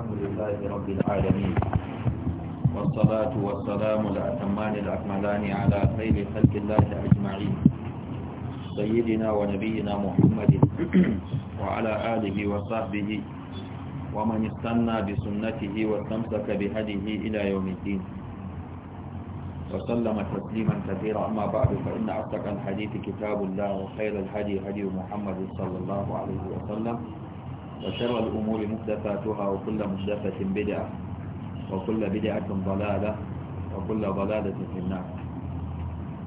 الحمد لله رب العالمين والصلاة والسلام الأتمان الأكملان على خير خلق الله أجمعين سيدنا ونبينا محمد وعلى آله وصحبه ومن استنى بسنته واستمسك بهديه إلى يوم الدين وسلم تسليما كثيرا أما بعد فإن أصدق الحديث كتاب الله وخير الهدي هدي محمد صلى الله عليه وسلم وشر الأمور محدثاتها وكل محدثة بدعة وكل بدعة ضلالة وكل ضلالة في النار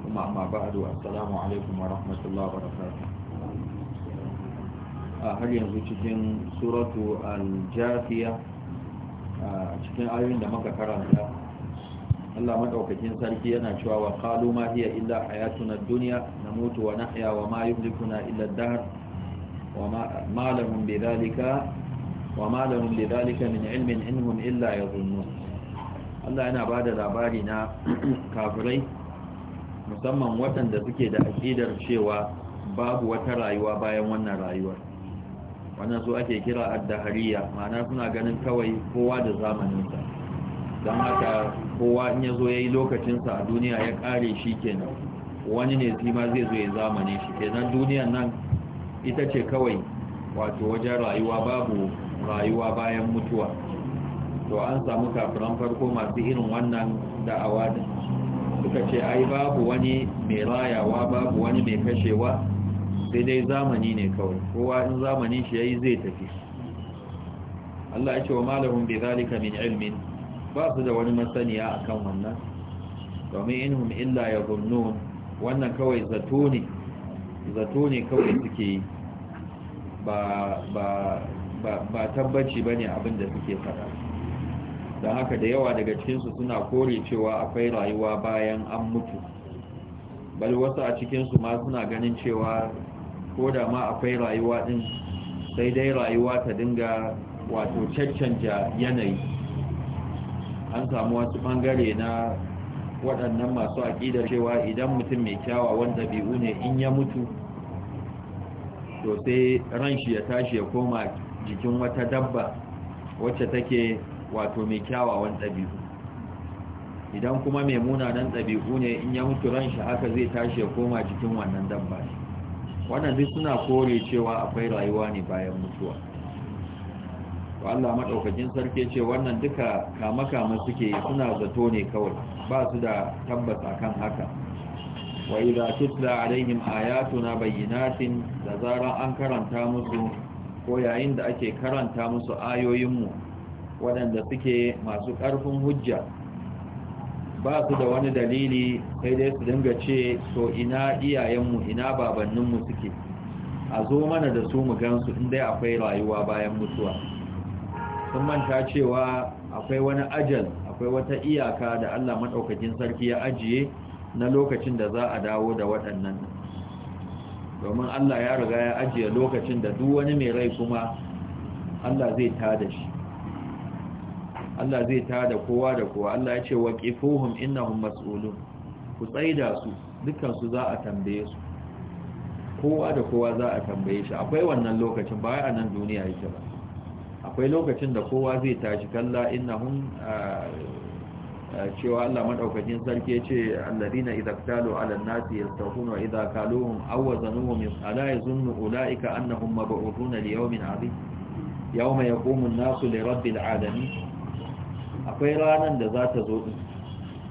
ثم أما بعد السلام عليكم ورحمة الله وبركاته har yanzu cikin suratu aljafiya a cikin ayoyin da muka karanta Allah madaukakin sarki yana cewa wa qalu ma hiya illa hayatuna ad-dunya namutu wa nahya wa ma yuhlikuna illa ad-dahr وما لهم بذلك وما لهم بذلك من علم إنهم إلا يظنون Allah yana ba da labari na kafirai musamman waɗanda suke da aƙidar cewa babu wata rayuwa bayan wannan rayuwar wannan su ake kira addahariya ma'ana suna ganin kawai kowa da zamaninsa don haka kowa in ya zo ya yi lokacinsa a duniya ya ƙare shi kenan wani ne zima zai zo ya zamani shi kenan duniyan nan ita ce kawai wato wajen rayuwa babu rayuwa bayan mutuwa to an samu kafiran farko masu irin wannan da'awa din suka ce ai babu wani mai rayawa babu wani mai kashewa sai dai zamani ne kawai kowa in zamanin shi ya yi zai tafi Allah ya ce wa malahum bai zalika min ilmin ba su da wani masaniya a kan wannan domin inhum illa ya yadhunnun wannan kawai zato ne zato ne kawai suke yi ba tabbaci ba ne abinda da suke fara don haka da yawa daga cikinsu suna kore cewa akwai rayuwa bayan an mutu bari wasu a cikinsu ma suna ganin cewa ko da ma akwai rayuwa din sai dai rayuwa ta dinga wato caccanja yanayi an samu wasu bangare na waɗannan masu aƙidar cewa idan mutum mai kyawawan ɗabi'u ne in ya mutu to sai ran shi ya tashi ya koma jikin wata dabba wacce take wato mai kyawawan ɗabi'u idan kuma mai munanan ɗabi'u ne in ya mutu ran shi haka zai tashi ya koma jikin wannan dabba ne wannan duk suna kore cewa akwai rayuwa ne bayan mutuwa to Allah madaukakin sarki ce wannan duka kama-kama suke suna zato ne kawai ba su da tabbas kan haka wa idza tutla alaihim ayatuna bayyinatin da zara an karanta musu ko yayin da ake karanta musu ayoyinmu waɗanda suke masu ƙarfin hujja ba su da wani dalili sai dai su dinga ce to ina iyayenmu ina babanninmu suke a zo mana da su mu gansu dai akwai rayuwa bayan mutuwa sun manta cewa akwai wani ajal akwai wata iyaka da Allah madaukakin sarki ya ajiye na lokacin da za a dawo da waɗannan domin Allah ya riga ya ajiye lokacin da duk wani mai rai kuma Allah zai tada shi Allah zai tada kowa da kowa Allah ya ce waqifuhum innahum mas'ulun ku tsaida su dukkan su za a tambaye su kowa da kowa za a tambaye shi akwai wannan lokacin ba a nan duniya yake ba akwai lokacin da kowa zai tashi kalla innahum cewa Allah madaukakin sarki yace alladina idza qalu ala an-nasi yastawfun wa idza qaluhum aw wazanuhum ala yazunnu ulaika annahum mab'uthuna li yawmin 'azim yawma yaqumu an-nasu li rabbil 'alamin akwai ranan da za ta zo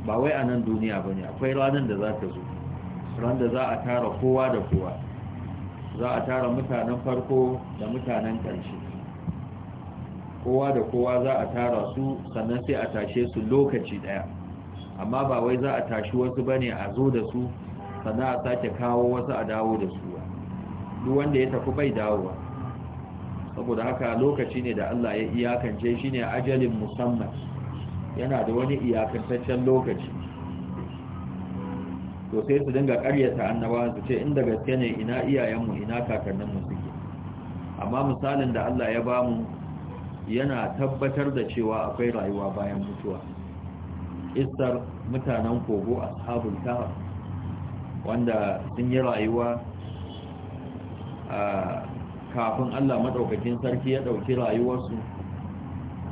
ba wai a nan duniya bane akwai ranan da za ta zo ran da za a tara kowa da kowa za a tara mutanen farko da mutanen ƙarshe kowa da kowa za a tara su sannan sai a tashe su lokaci daya amma ba wai za a tashi wasu bane a zo da su sannan a sake kawo wasu a dawo da su duk wanda ya tafi bai dawowa saboda haka lokaci ne da Allah ya iyakance shi ne ajalin musamman yana da wani iyakantaccen lokaci to sai su dinga karyata annabawan su ce inda gaske ne ina iyayenmu ina kakanninmu suke amma misalin da Allah ya bamu yana tabbatar da cewa akwai rayuwa bayan mutuwa istar mutanen kogo ashabul kahf wanda sun yi rayuwa a kafin Allah Maɗaukacin sarki ya ɗauki rayuwarsu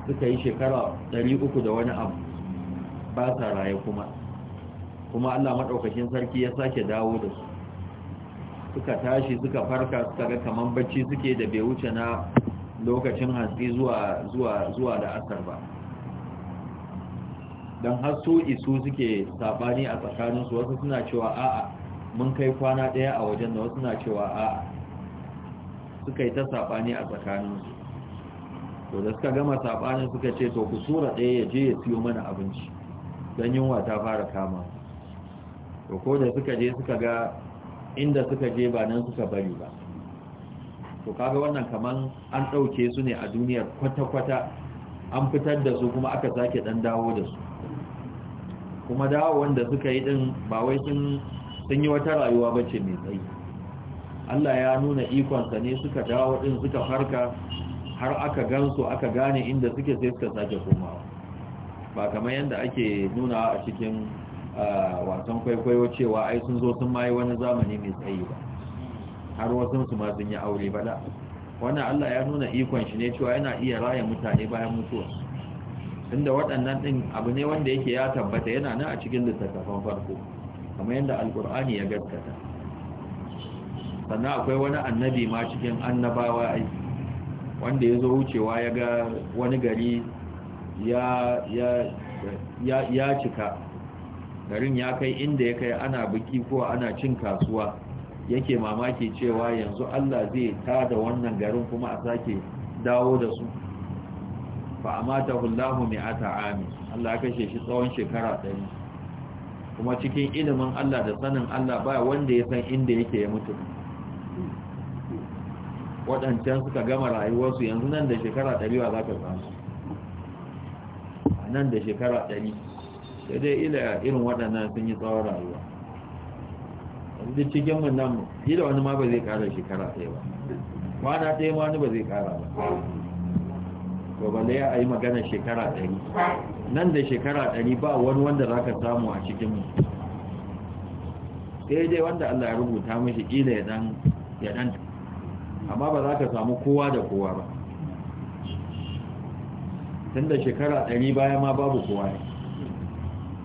suka yi shekara 300 da wani abu ba sa raye kuma kuma Allah Maɗaukacin sarki ya sake dawo da su suka tashi suka farka suka ga kaman bacci suke da bai wuce na lokacin hatsi zuwa zuwa zuwa da asar ba don har su isu suke sabani a tsakaninsu wasu suna cewa a'a mun kai kwana ɗaya a wajen da wasu suna cewa a'a suka yi ta sabani a tsakaninsu to da suka gama sabanin suka ce to ku sura ɗaya ya je ya siyo mana abinci don yunwa ta fara kama to ko da suka je suka ga inda suka je ba nan suka bari ba to kaga wannan kaman an ɗauke su ne a duniyar kwata-kwata an fitar da su kuma aka sake ɗan dawo da su kuma dawo wanda suka yi ɗin ba wai sun yi wata rayuwa ba mai tsayi Allah ya nuna ikonsa ne suka dawo ɗin suka farka har aka gansu aka gane inda suke sai suka sake komawa ba kamar yadda ake nuna a cikin ah, wasan kwaikwayo cewa ai sun zo sun mai wani zamani mai tsayi ba har wasu su ma sun yi aure bala wannan Allah ya nuna ikon shi ne cewa yana iya raya mutane bayan mutuwa inda waɗannan din abu ne wanda yake ya tabbata yana nan a cikin littattafan farko kamar yadda alkur'ani ya gaskata sannan akwai wani annabi ma cikin annabawa ai wanda ya zo wucewa ya ga wani gari ya cika garin ya kai inda ya kai ana biki ko ana cin kasuwa yake mamaki cewa yanzu Allah zai tada wannan garin kuma a sake dawo da su fa amata hullahu mi'ata ami Allah ya kashe shi tsawon shekara 100 kuma cikin ilimin Allah da sanin Allah ba wanda ya san inda yake ya mutu waɗancan suka gama rayuwarsu yanzu nan da shekara 100 ba za ka samu nan da shekara 100 sai dai ila irin waɗannan sun yi tsawon rayuwa duk cikin mu, nan gida wani ma ba zai kara shekara ɗaya ba kwana ɗaya ma wani ba zai kara ba to ba da ya yi magana shekara ɗari nan da shekara ɗari ba wani wanda za ka samu a cikin mu sai dai wanda Allah ya rubuta mashi ƙila ya ɗan ya ɗan amma ba za ka samu kowa da kowa ba tun da shekara ɗari baya ma babu kowa ne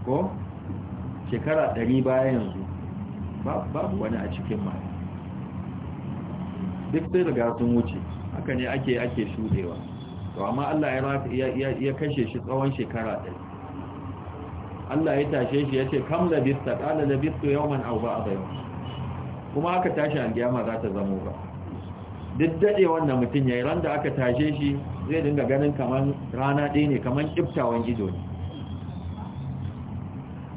ko shekara ɗari baya yanzu babu wani a cikin ma duk sai riga sun wuce haka ne ake ake shudewa to amma Allah ya kashe shi tsawon shekara ɗaya Allah ya tashe shi ya ce kam labista ƙala labistu yawman aw ba a kuma aka tashi giyama za ta zamo ba duk daɗe wannan mutum ya yi ran da aka tashe shi zai dinga ganin kamar rana ɗaya ne kamar ƙiftawan ido ne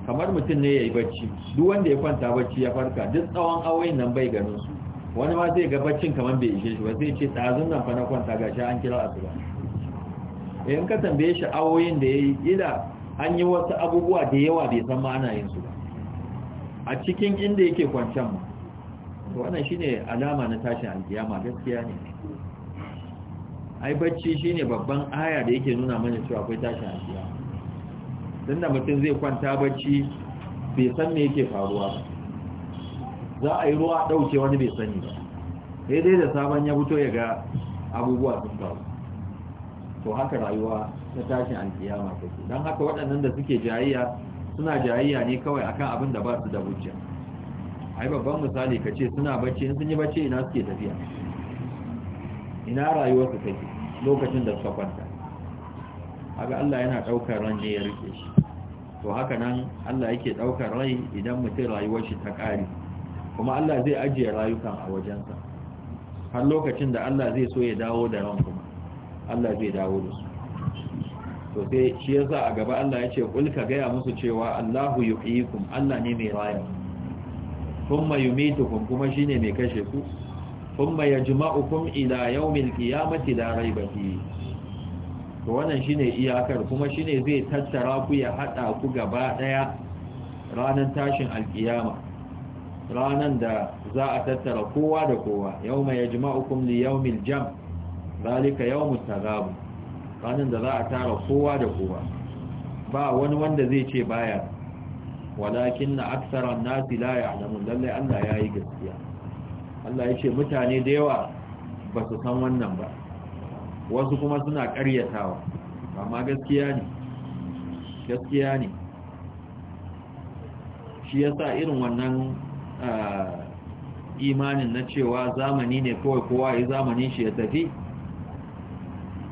kamar mutum ne ya yi bacci duk wanda ya kwanta bacci ya farka duk tsawon awayin nan bai ganin su wani ma zai ga baccin kamar bai ishe shi ba zai ce tsazun nan fa na kwanta ga shi an kira asuba in ka tambaye shi awoyin da ya yi ila an yi wasu abubuwa da yawa bai san ma ana yin su ba a cikin inda yake kwancan ma to wannan shine alama na tashin alkiyama gaskiya ne ai bacci shine babban aya da yake nuna mana cewa akwai tashin alkiyama tun da mutum zai kwanta bacci bai san me yake faruwa ba za a yi ruwa ɗauke wani bai sani ba sai dai da sabon ya fito ya ga abubuwa sun faru to haka rayuwa ta tashin alkiyama take don haka waɗannan da suke jayayya suna jayayya ne kawai akan abin da ba su da hujja ai babban misali ka ce suna bacci in sun yi bacci ina suke tafiya ina su take lokacin da suka kwanta haka Allah yana ɗaukar ran ne ya rike shi to haka nan Allah yake ɗaukar rai idan mutum rayuwar shi ta ƙari kuma Allah zai ajiye rayukan a wajensa har lokacin da Allah zai so ya dawo da ran kuma Allah zai dawo da su to sai shi yasa a gaba Allah ya ce kul ka gaya musu cewa Allahu yuhyikum Allah ne mai raya kuma yumitukum kuma shine mai kashe ku kuma yajma'ukum ila yawmil qiyamati la raiba fihi to wannan shine iyakar kuma shine zai tattara ku ya hada ku gaba daya ranan tashin alkiyama ranan da za a tattara kowa da kowa yauma yajma'ukum li yawmil jam zalika yawmut tagabun ranan da za a tara kowa da kowa ba wani wanda zai ce baya walakin na aksaran nasi la ya'lamun lalle Allah yayi gaskiya Allah yace mutane da yawa ba su san wannan ba wasu kuma suna ƙaryatawa amma gaskiya ne gaskiya ne shi yasa irin wannan ah, imanin na cewa zamani ne kawai kowa yi zamani shi ya tafi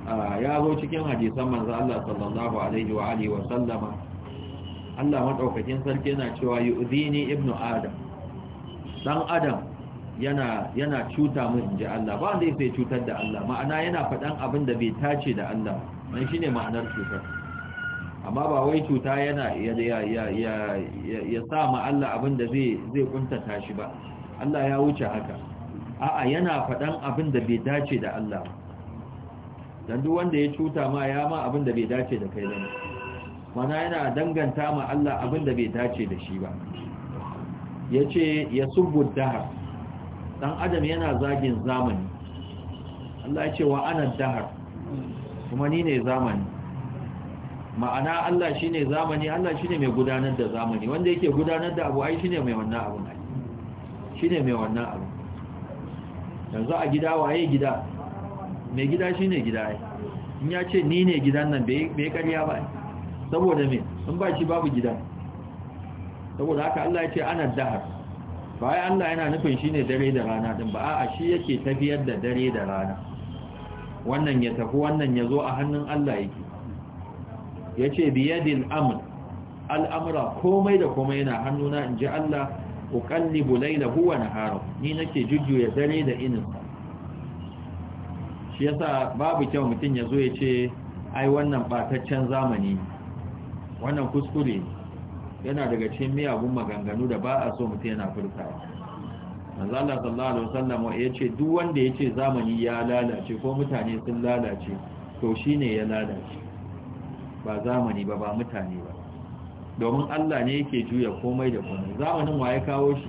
ah, ya zo cikin hadisan manzo Allah sallallahu alaihi wa alihi wa sallama Allah madaukakin sarki yana cewa yu'dini ibnu adam dan adam yana yana cuta mu in ji Allah ba wanda yake cutar da Allah ma'ana yana faɗan abin da bai tace da Allah shi shine ma'anar cutar amma ba wai cuta yana ya ya sa ma Allah abin da zai zai kuntata shi ba Allah ya wuce haka a'a yana faɗan abin da bai dace da Allah dan duk wanda ya cuta ma ya ma abin da bai dace da kai ba mana yana danganta ma Allah abin da bai dace da shi ba yace yasubbu dahar dan adam yana zagin zamani Allah ya ce wa ana dahar kuma ni ne zamani ma'ana Allah shine zamani Allah shine mai gudanar da zamani wanda yake gudanar da abu ai shine mai wannan abu shine mai wannan abu yanzu a gida waye gida mai gida shine gida ai in ya ce ni ne gidan nan bai karya ba saboda me in ba shi babu gida? saboda haka Allah ya ce ana dahar bayan Allah yana nufin shi ne dare da rana din ba a shi yake tafiyar da dare da rana wannan ya tafi wannan ya zo a hannun Allah yake ya ce biyadin amur al'amura komai da komai yana hannuna in ji Allah ƙuƙalli bulai da huwa na haram ni nake jujjuya dare da ininsa shi yasa babu kyau mutum ya zo ya ce ai wannan ɓataccen zamani wannan kuskure ne yana daga cikin miyagun maganganu da ba a so mutum yana furtawa manzo Allah sallallahu alaihi wasallam ya ce duk wanda ya ce zamani ya lalace ko mutane sun lalace to shine ya lalace ba zamani ba ba mutane ba domin Allah ne yake juya komai da komai zamanin waye kawo shi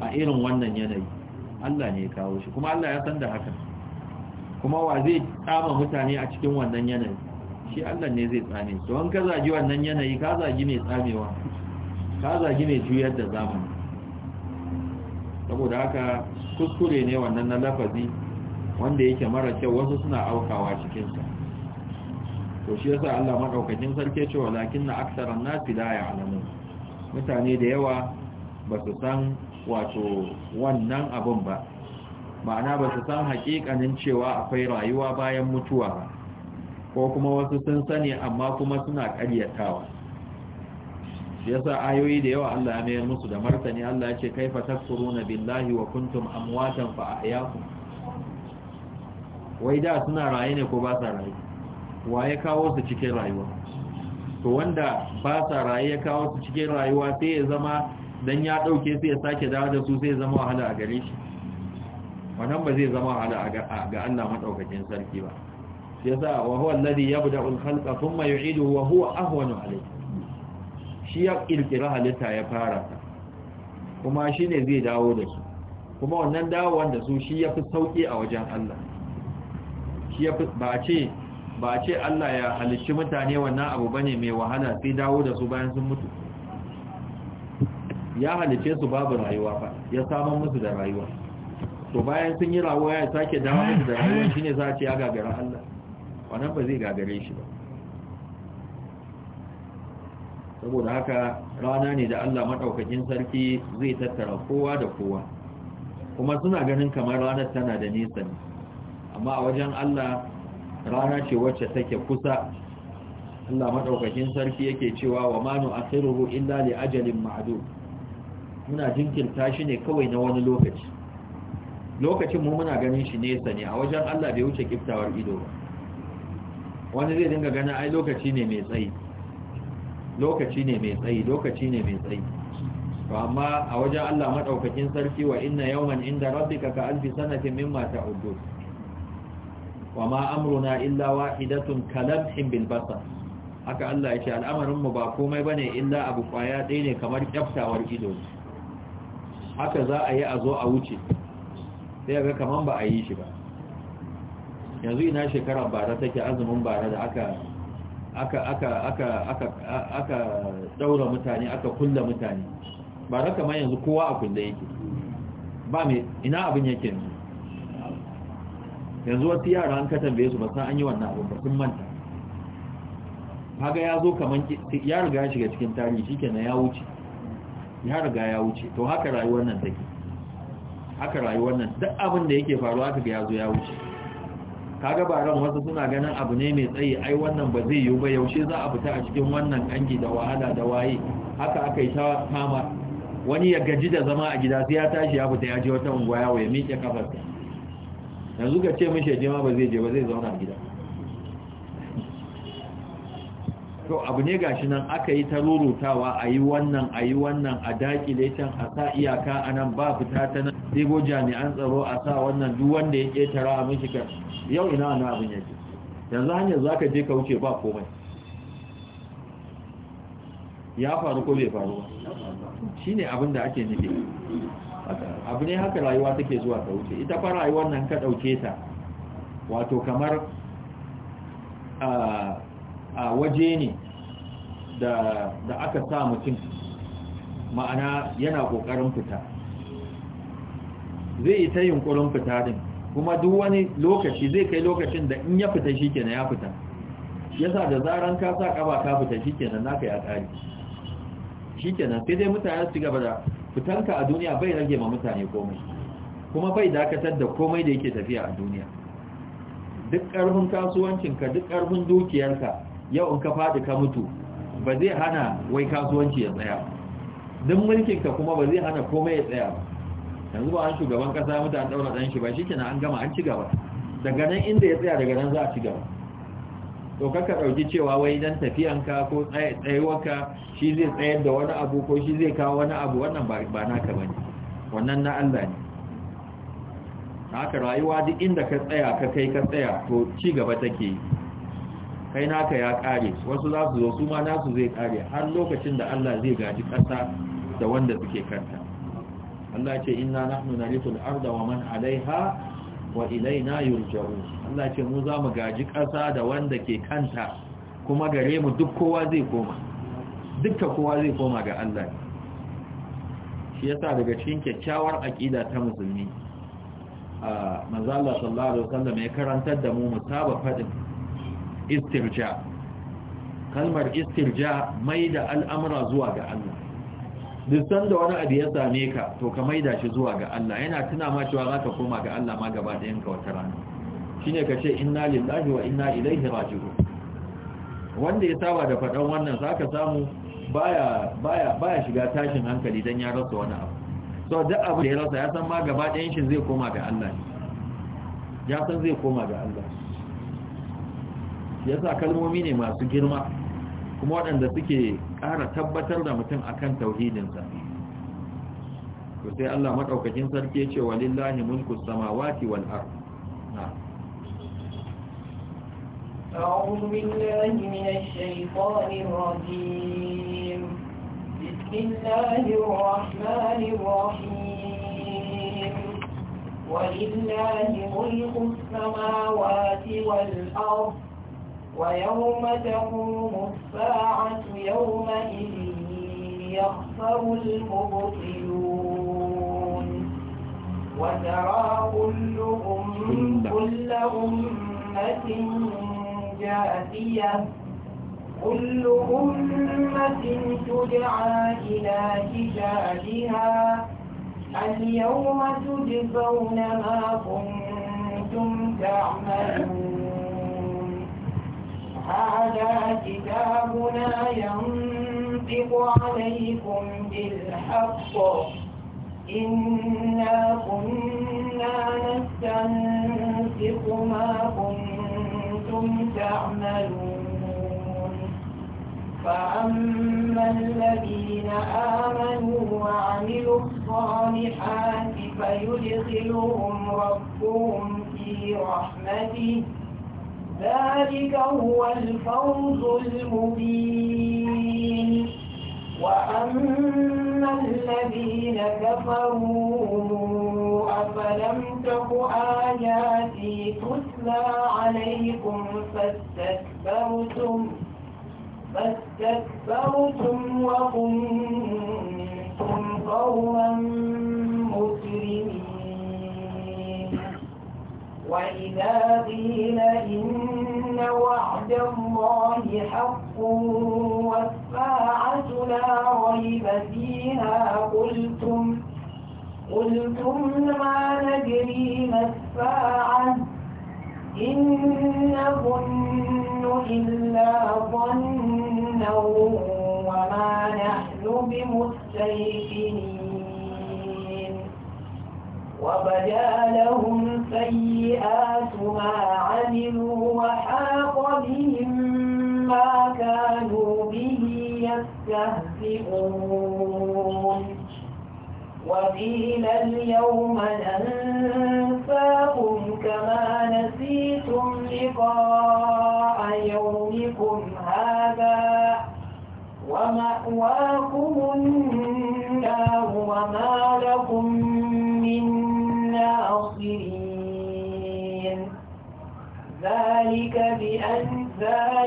a irin wannan yanayi Allah ne ya kawo shi kuma Allah ya san da haka kuma wa zai tsama mutane a cikin wannan yanayi shi Allah ne zai tsame su an ka zagi wannan yanayi ka zagi mai tsamewa ka zagi ne juyar da zamani saboda haka kuskure ne wannan na lafazi wanda yake mara kyau wasu suna aukawa cikinsa to shi yasa Allah madaukakin sarki cewa lakin na aksaran nasi la ya'lamun mutane da yawa ba su san wato wannan abun ba ma'ana ba su san hakikanin cewa akwai rayuwa bayan mutuwa ba ko kuma wasu sun sani amma kuma suna ƙaryatawa shi yasa ayoyi da yawa Allah ya mayar musu da martani Allah ya ce kaifa takfuruna billahi wa kuntum amwatan fa ahyaakum wai da suna raye ne ko ba sa raye waye kawo su cikin rayuwa to wanda ba sa raye ya kawo su cikin rayuwa sai ya zama dan ya dauke sai ya sake dawo da su sai ya zama wahala a gare shi wannan ba zai zama wahala ga Allah madaukakin sarki ba shi yasa wa huwa alladhi yabda'u al-khalqa thumma yu'iduhu wa huwa ahwanu alayhi shi ya ƙirƙiri halitta ya fara ta kuma shi ne zai dawo da su kuma wannan dawowar da su shi ya fi sauƙi a wajen Allah shi ya fi ba a ce ba a ce Allah ya halicci mutane wannan abu bane mai wahala sai dawo da su bayan sun mutu ya halicce su babu rayuwa ba, ya samun musu da rayuwa to bayan sun yi rayuwa ya sake dawo da rayuwa shine za a ce ya gagara Allah wannan ba zai gagare shi ba saboda haka rana ne da Allah madaukakin sarki zai tattara kowa da kowa kuma suna ganin kamar ranar tana da nisa amma a wajen Allah rana ce wacce take kusa Allah madaukakin sarki yake cewa wa manu akhiruhu illa li ajalin ma'dud muna jinkirta shi ne kawai na wani lokaci lokacin mu muna ganin shi nesa ne a wajen Allah bai wuce kiftawar ido ba wani zai dinga ganin ai lokaci ne mai tsayi lokaci ne mai tsayi lokaci ne mai tsayi to amma a wajen Allah madaukakin sarki wa inna yawman inda rabbika ka alfi sanatin mimma ta'uddu wa ma amruna illa wahidatun kalamhin bil basar haka Allah ya ce al'amarin mu ba komai bane illa abu kwaya ɗaya ne kamar kyaftawar ido haka za a yi a zo a wuce sai ga kaman ba a yi shi ba yanzu ina shekarar bara take azumin bara da aka aka aka aka aka aka daura mutane aka kulla mutane ba da kamar yanzu kowa a kulle yake ba me ina abin yake yanzu yanzu wasu yara an katan bai su ba san an yi wannan abin ba sun manta haka ya zo kaman ya riga ya shiga cikin tarihi kenan ya wuce ya riga ya wuce to haka rayuwar nan take haka rayuwar nan duk abin da yake faruwa ga ya zo ya wuce kaga ran wasu suna ganin abu ne mai tsayi ai wannan ba zai yiwu ba yaushe za a fita a cikin wannan kangi da wahala da waye haka aka yi ta kama wani ya gaji da zama a gida sai ya tashi ya fita ya je wata unguwa ya waye miƙe ta yanzu ka ce mishi je ma ba zai je ba zai zauna a gida to abu ne gashi nan aka yi ta rurutawa a yi wannan a yi wannan a dakile can a sa iyaka a nan ba fita ta nan sai go jami'an tsaro a sa wannan duk wanda ya ƙetara a mishi yau ina wani abin yake yanzu hanyar za ka je ka wuce ba komai ya faru ko bai faru ba shi ne abin da ake nufi abu ne haka rayuwa take zuwa ta wuce ita fa rayuwar nan ka ɗauke ta wato kamar a waje ne da aka sa mutum ma'ana yana ƙoƙarin fita zai yi ta yunƙurin fita din kuma duk wani lokaci zai kai lokacin da in ya fita shi kenan ya fita yasa da zaran ka sa kaba ka fita shi kenan naka ya ƙari. shi kenan sai dai mutane su gaba da fitanka a duniya bai rage ma mutane komai kuma bai dakatar da komai da yake tafiya a duniya duk ƙarfin kasuwancinka duk ƙarfin dukiyarka yau in ka faɗi ka mutu ba zai hana wai kasuwanci ya tsaya duk mulkinka kuma ba zai hana komai ya tsaya ba yanzu ba an shugaban kasa mutane daura dan shi ba shikenan an gama an ci gaba daga nan inda ya tsaya daga nan za a ci gaba to kaka ɗauki cewa wai dan tafiyanka ko tsayuwarka shi zai tsayar da wani abu ko shi zai kawo wani abu wannan ba naka ne wannan na Allah ne haka rayuwa duk inda ka tsaya ka kai ka tsaya to ci gaba take kai naka ya kare wasu za su zo su ma nasu zai kare har lokacin da Allah zai gaji ƙasa da wanda suke kanta Allah ce inna nahnu al-ardha wa man alaiha wa ilaina yurja'un Allah ce mu za mu gaji ƙasa da wanda ke kanta kuma gare mu duk kowa zai koma dukkan kowa zai koma ga Allah shi yasa daga cikin kyakkyawar aqida ta musulmi a manzo Allah sallallahu alaihi wasallam ya karantar da mu musaba fadin istirja kalmar istirja mai da al'amura zuwa ga Allah duk sanda wani abu ya same ka to ka maida shi zuwa ga Allah yana tuna ma cewa za ka koma ga Allah ma gaba ɗayan ka wata rana shine ka ce inna lillahi wa inna ilaihi raji'un wanda ya saba da faɗan wannan za ka samu baya baya baya shiga tashin hankali dan ya rasa wani abu so duk abu da ya rasa ya san ma gaba ɗayan shi zai koma ga Allah ya san zai koma ga Allah yasa kalmomi ne masu girma kuma waɗanda suke ƙara tabbatar da mutum kan tauhidinsa to sai Allah maɗaukakin sarki ya ce walillahi mulkus samawati wal ard أعوذ بالله من الشيطان الرجيم بسم الله الرحمن الرحيم ولله ملك السماوات والأرض ويوم تقوم الساعة يومئذ يخسر المبطلون وترى كل أم كل أمة جاثية كل أمة تدعى إلى كتابها اليوم تجزون ما كنتم تعملون هذا كتابنا ينطق عليكم بالحق إنا كنا نستنسق ما كنتم تعملون فأما الذين آمنوا وعملوا الصالحات فيدخلهم ربهم في رحمته ذلك هو الفوز المبين وأما الذين كفروا أفلم تك آياتي تتلى عليكم فاستكبرتم فاستكبرتم وكنتم قوما وإذا قيل إن وعد الله حق والساعة لا ريب فيها قلتم قلتم ما ندري ما الساعة إن نظن إلا ظنا وما نحن بمستيقنين وبدا لهم سيئات ما عملوا وحاق بهم ما كانوا به يستهزئون وقيل اليوم ننساكم كما نسيتم لقاء يومكم هذا ومأواكم النار وما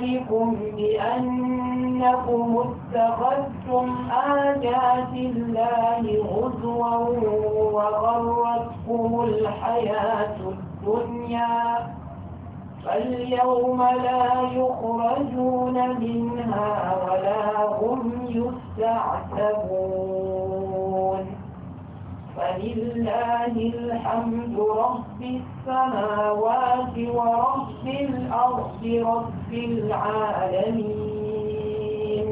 ذلكم بأنكم اتخذتم آيات الله غزوا وغرتكم الحياة الدنيا فاليوم لا يخرجون منها ولا هم يستعتبون فلله الحمد رب السماوات ورب الأرض رب العالمين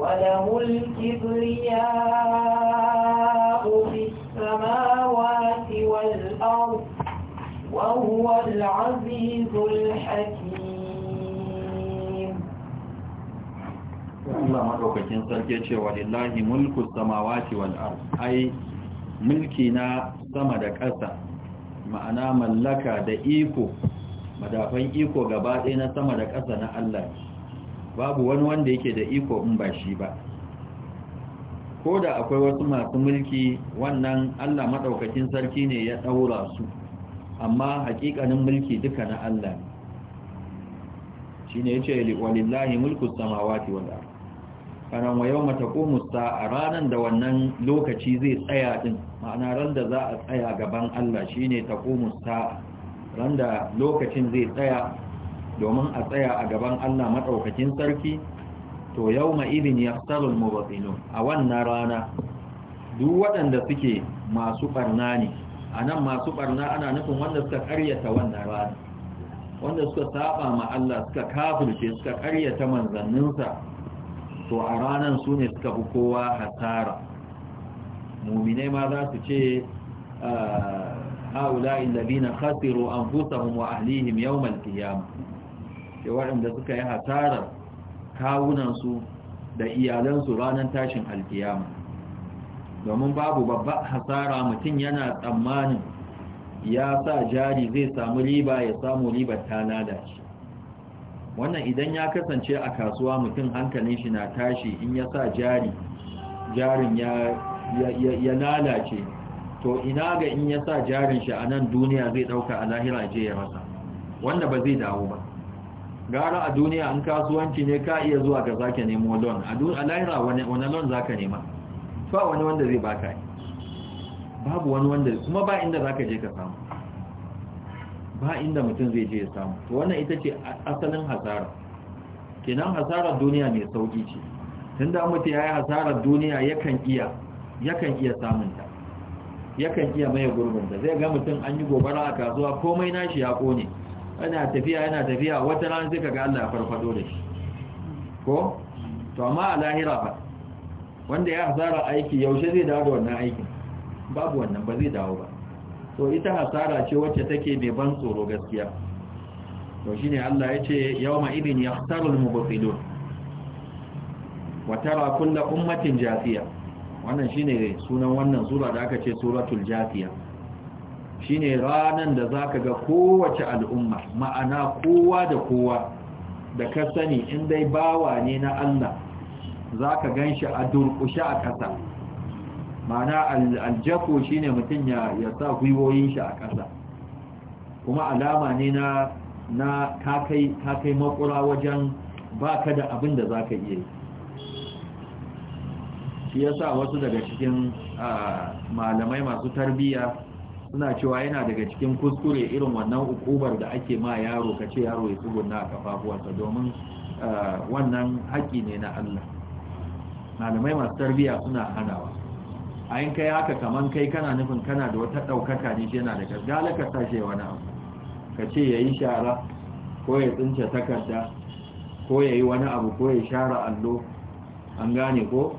وله الكبرياء في السماوات والأرض وهو العزيز الحكيم الله مدوكتين سلكيتش ولله ملك السماوات والأرض أي mulki na sama da ƙasa ma'ana mallaka da iko madafan iko gaba ɗaya na sama da ƙasa na Allah babu wani wanda yake da iko in ba shi ba ko da akwai wasu masu mulki wannan Allah maɗaukakin sarki ne ya ɗaura su amma haƙiƙanin mulki duka na Allah ne shi ne ya ce walillahi mulkus samawati wal ardh karan wa yawma taqumu a ranan da wannan lokaci zai tsaya din ma'ana ran da za a tsaya gaban Allah shine ne sa'a ran da lokacin zai tsaya domin a tsaya a gaban Allah madaukakin sarki to yau idin yaftalu al-mubtilun a wannan rana duk waɗanda suke masu barna ne a nan masu barna ana nufin wanda suka karyata wannan rana wanda suka saba ma Allah suka kafirce suka karyata manzanninsa to a ranar su ne suka fi kowa hasara muminai ma za su ce ah, haula'in labina khasiru an fusahun wa ahlihim yau malkiyama ke waɗanda suka yi hasarar kawunansu da iyalansu ranar tashin alkiyama domin babu babban hasara mutum yana tsammanin ya sa jari zai samu riba ya samu ribar ta shi. wannan idan ya kasance a kasuwa mutum hankalin shi na tashi in ya sa jari jarin ya lalace to ina ga in ya sa jarin shi a nan duniya zai dauka a lahira je ya rasa wanda ba zai dawo ba gara a duniya an kasuwanci ne ka iya zuwa ga zaka nemo loan a lahira wani loan zaka nema ba wani wanda zai baka babu wani wanda kuma ba inda zaka je ka samu ba inda mutum zai je ya samu to wannan ita ce asalin hasara kenan hasarar duniya mai sauki ce tun da mutum ya yi hasarar duniya yakan iya yakan iya samunta yakan iya maye gurbinta zai ga mutum an yi gobara a kasuwa komai nashi ya kone yana tafiya yana tafiya wata ran sai kaga Allah ya farfado da shi ko to amma a lahira ba wanda ya hasara aiki yaushe zai dawo wannan aikin babu wannan ba zai dawo ba to ita hasara ce wacce take mai ban tsoro gaskiya to shine Allah ya yace yawma idin yahtarul mubtilun wa tara kullu ummatin jafiya wannan shine sunan wannan sura da aka ce suratul jafiya shine ranan da zaka ga kowace al'umma ma'ana kowa da kowa da ka sani in dai bawa ne na Allah zaka ganshi a durkushe a kasa ma'ana aljako shine mutum ya sa gwiwoyin shi a ƙasa kuma alama ne na na kai makura wajen baka da abin da zaka ka iya shi ya sa wasu daga cikin malamai masu tarbiyya suna cewa yana daga cikin kuskure irin wannan ukubar da ake ma yaro kace yaro ya tsugunna a kafafuwarsa domin wannan haƙi ne na Allah malamai masu tarbiyya suna hanawa a yin kai haka kaman kai kana nufin kana da wata ɗaukaka ne yana da gasgala ka sashe wani abu ka ce ya yi shara ko ya tsince takarda ko ya yi wani abu ko ya share allo an gane ko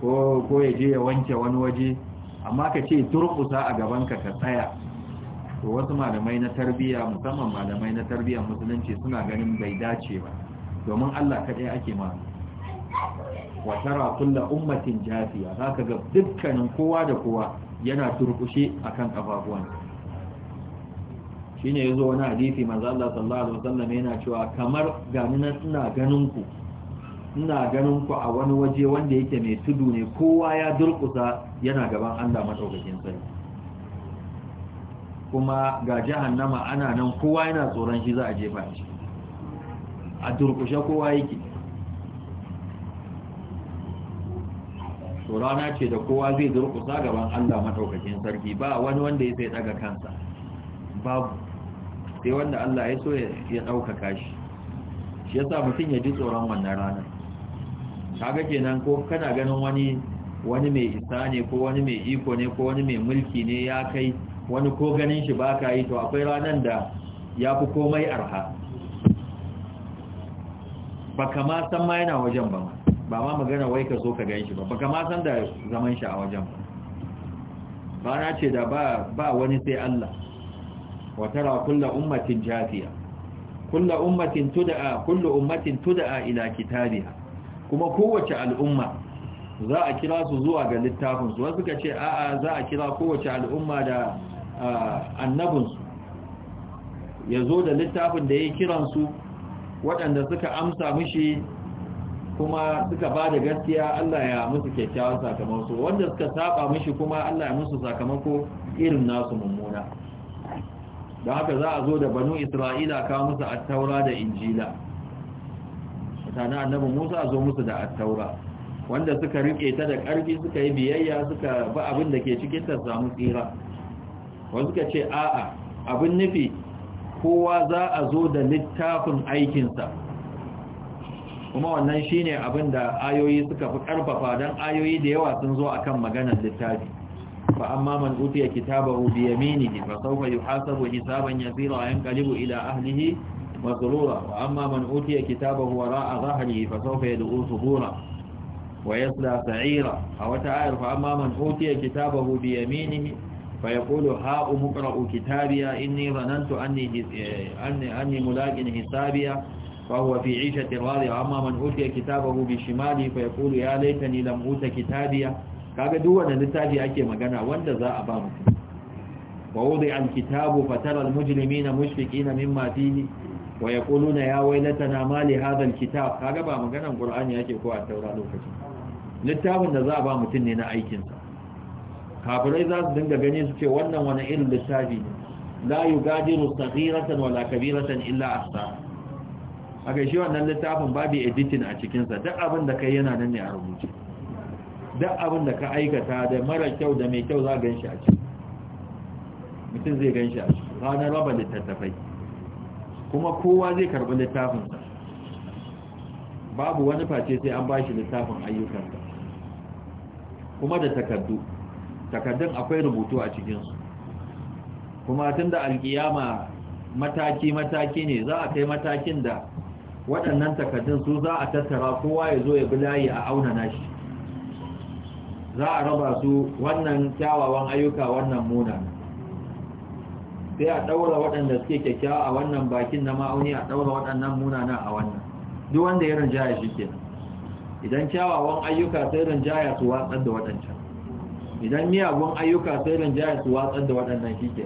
ko ya je ya wanke wani waje amma ka ce turkusa a gabanka ka tsaya to wasu malamai na tarbiyya musamman malamai na tarbiyya musulunci suna ganin bai dace ba domin Allah kaɗai ake ma wa tara kulla ummatin jafiya zaka ga dukkanin kowa da kowa yana turkushe akan ne shine yazo wani hadisi manzo Allah sallallahu alaihi wasallam yana cewa kamar gani na ganin ku a wani waje wanda yake mai tudu ne kowa ya durkusa yana gaban Allah madaukakin sai kuma ga jahannama ana nan kowa yana tsoron shi za a jefa shi a durkushe kowa yake to rana ce da kowa zai durkusa gaban Allah madaukakin sarki ba wani wanda ya sai daga kansa babu sai wanda Allah ya so ya daukaka shi shi yasa mutum ya ji tsoron wannan rana kaga kenan ko kana ganin wani wani mai isa ne ko wani mai iko ne ko wani mai mulki ne ya kai wani ko ganin shi baka yi to akwai ranar da ya fi komai arha ba kama san ma yana wajen ba ma ba ma magana wai ka so ka gan shi ba baka ma san da zaman shi a wajen ba na ce da ba wani sai Allah wa tara kullu ummatin jafiya kullu ummatin tud'a kullu ummatin tud'a ila kitabiha kuma kowace al'umma za a kira su zuwa ga littafin su wasu ka ce a'a za a kira kowace al'umma da annabinsu ya zo da littafin da ya kiransu waɗanda suka amsa mishi kuma suka ba da gaskiya Allah ya musu kyakkyawan sakamako wanda suka saba mishi kuma Allah ya musu sakamako irin nasu mummuna don haka za a zo da banu isra'ila ka musu attaura da injila mutane annabi musa a zo musu da attaura wanda suka rike ta da ƙarfi suka yi biyayya suka ba abin da ke cikin ta samu tsira wanda suka ce a'a abin nufi kowa za a zo da littafin aikinsa kuma wannan shine abin da ayoyi suka fi karfafa dan ayoyi da yawa sun zo akan maganar littafi fa amma man utiya kitabahu bi yaminihi fa sawfa yuhasabu hisaban yasira wa yanqalibu ila ahlihi مسرورا وأما من أوتي كتابه وراء ظهره فسوف يدعو ثبورا ويصلى kitaba أو تعالى mini من أوتي كتابه بيمينه فيقول ها أمقرأ كتابيا إني ظننت أني, an ni ملاق hisabiya. فهو في عيشة راضية أما من أوتي كتابه بشماله فيقول يا ليتني لم أوت كتابي kaga duk wanda littafi ake magana wanda za a ba mutum wa wudi alkitabu fatara almujrimina mushfiqina mimma fihi wa yaquluna ya waylatana ma li hadha alkitab kaga ba maganan qur'ani yake ko a taura lokaci. littafin da za a ba mutum ne na aikin sa kafirai za su dinga gani su ce wannan wani irin littafi ne la yugadiru saghiratan wala kabiratan illa ahsaha a kai shi wannan littafin babu editing a cikinsa duk abin da kai yana nan ne a rubuce duk abin da ka aikata da mara kyau da mai kyau za a ganshi a ciki mutum zai ganshi a ciki ranar raba littattafai kuma kowa zai karɓi littafinsa babu wani face sai an bashi littafin ayyukansa kuma da takardu takardun akwai rubutu a cikinsu kuma tun da alkiyama mataki-mataki ne za a kai matakin da waɗannan takardun su za a tattara kowa ya zo ya bi layi a auna nashi za a raba su wannan kyawawan ayyuka wannan munana sai a ɗaura waɗanda suke kyakkyawa a wannan bakin na ma'auni a ɗaura waɗannan munana a wannan duk wanda ya rinjaya shi ke idan kyawawan ayyuka sai rinjaya su watsar da waɗancan idan miyagun ayyuka sai rinjaya su watsar da waɗannan shi ke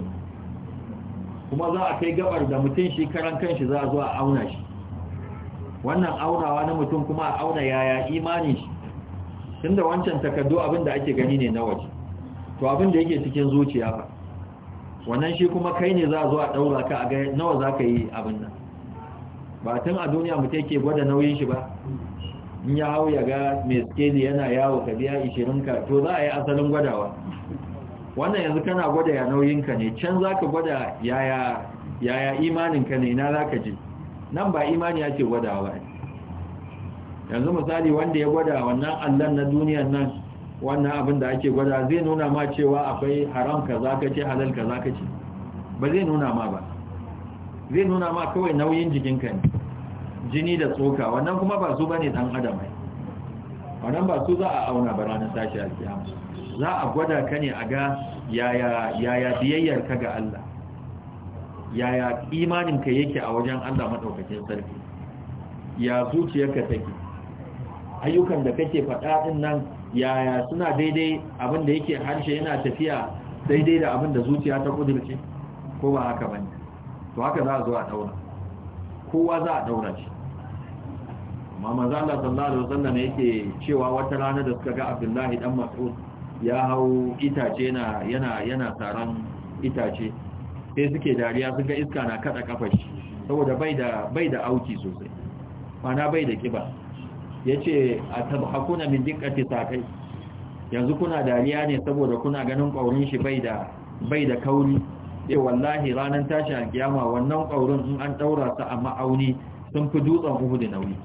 kuma za a kai gabar da mutum shi karan kanshi za a zo a auna shi wannan aunawa na mutum kuma a auna yaya imani shi tunda wancan takardu abin da ake gani ne na waje to abin da yake cikin zuciya ba wannan shi kuma kai ne za a zo a daura ka a ga nawa za ka yi abin nan ba tun a duniya mutum yake gwada nauyin shi ba in ya hau ya ga mai skeli yana yawo ka biya 20 ka to za a yi asalin gwadawa wannan yanzu kana gwada ya nauyinka ne can za ka gwada yaya imaninka ne na za ka ji nan ba imani ake gwadawa ba yanzu misali wanda ya gwada wannan allan na duniyan nan wannan abin da ake gwada zai nuna ma cewa akwai haram ka kace halal ka kace ba zai nuna ma ba zai nuna ma kawai nauyin jikinka ne jini da tsoka wannan kuma ba su ba ne dan adam ai wannan ba su za a auna ba ranar tashi alkiyama za a gwada ka ne a ga yaya yaya biyayyar ka ga Allah yaya imaninka yake a wajen Allah madaukakin sarki ya zuciyarka take ayyukan da kake faɗa din nan yaya suna daidai abin da yake harshe yana tafiya daidai da abin da zuciya ta kudurce ko ba haka bane to haka za a zo a daura kowa za a daura shi amma manzo Allah sallallahu alaihi wasallam yake cewa wata rana da suka ga Abdullahi dan Mas'ud ya hau itace yana yana yana taron itace sai suke dariya sun ga iska na kada kafar shi saboda bai da auki sosai mana bai da kiba yace tabhakuna min dikkati sakai yanzu kuna dariya ne saboda kuna ganin kaurin shi bai da kauri eh wallahi ranar tashi a kiyama wannan kaurin in an daura su a ma'auni sun fi dutsen da nauyi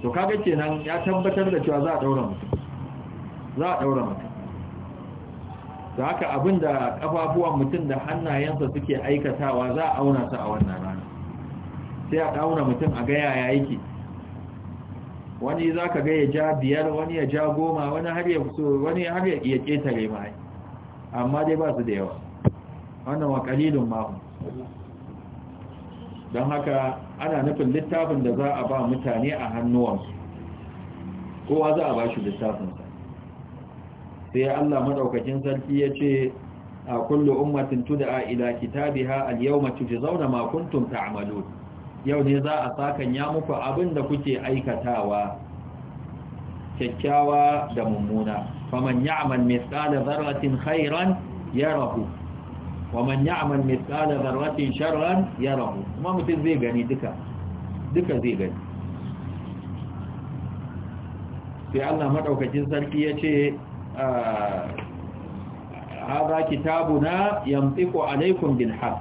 to kaga kenan ya tabbatar da cewa za a daura mutum mutum da haka abin da ƙafafuwan mutum da hannayensa suke aikatawa za a auna su a wannan rana sai a ɗauna mutum a gaya ya yake wani za ka ga ja biyar wani ya ja goma wani har ya so wani har ya ƙetare ma amma dai ba su da yawa wannan wa ƙalilun mahu don haka ana nufin littafin da za a ba mutane a hannuwansu kowa za a ba shi littafinsa sai Allah madaukakin sarki ya ce a kullu ummatin tud'a ila kitabiha al-yawma tujzauna ma kuntum ta'malun yau ne za a saka ya muku abin da kuke aikatawa kyakkyawa da mummuna faman ya'mal mithqala dharratin khairan yarahu waman ya'mal mithqala dharratin sharran yarahu kuma mutum zai gani duka duka zai gani sai Allah madaukakin sarki yace haza kitabuna yamtiku alaikum bil haqq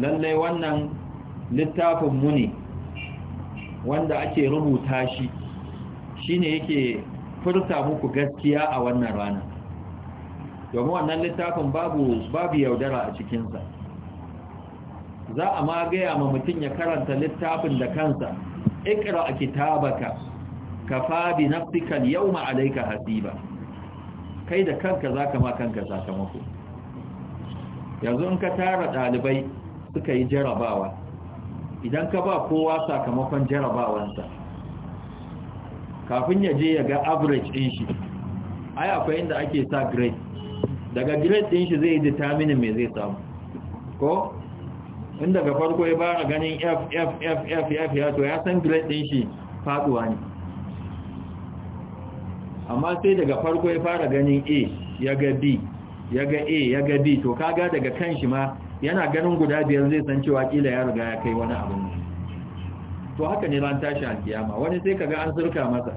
lallai wannan littafin mu ne wanda ake rubuta shi shine yake furta muku gaskiya a wannan rana domin wannan littafin babu babu yaudara a cikinsa za a ma gaya ma mutum ya karanta littafin da kansa ikra kitabaka kafa bi nafsika al-yawma alayka hasiba kai da kanka za ka ma kanka sakamako yanzu in ka tara ɗalibai suka yi jarabawa idan ka ba kowa sakamakon jarabawansa kafin ya je ya ga average ɗin shi ai akwai inda ake sa grade daga grade ɗin shi zai yi determine me zai samu ko in daga farko ya ba a ganin f f f f f ya to ya san grade ɗin shi faɗuwa ne amma sai daga farko ya fara ganin a ya ga b ya ga a ya ga b to kaga daga kan shi ma yana ganin guda biyar zai san cewa kila ya riga ya kai wani abu. to haka ne ran tashi alkiyama wani sai kaga an surka masa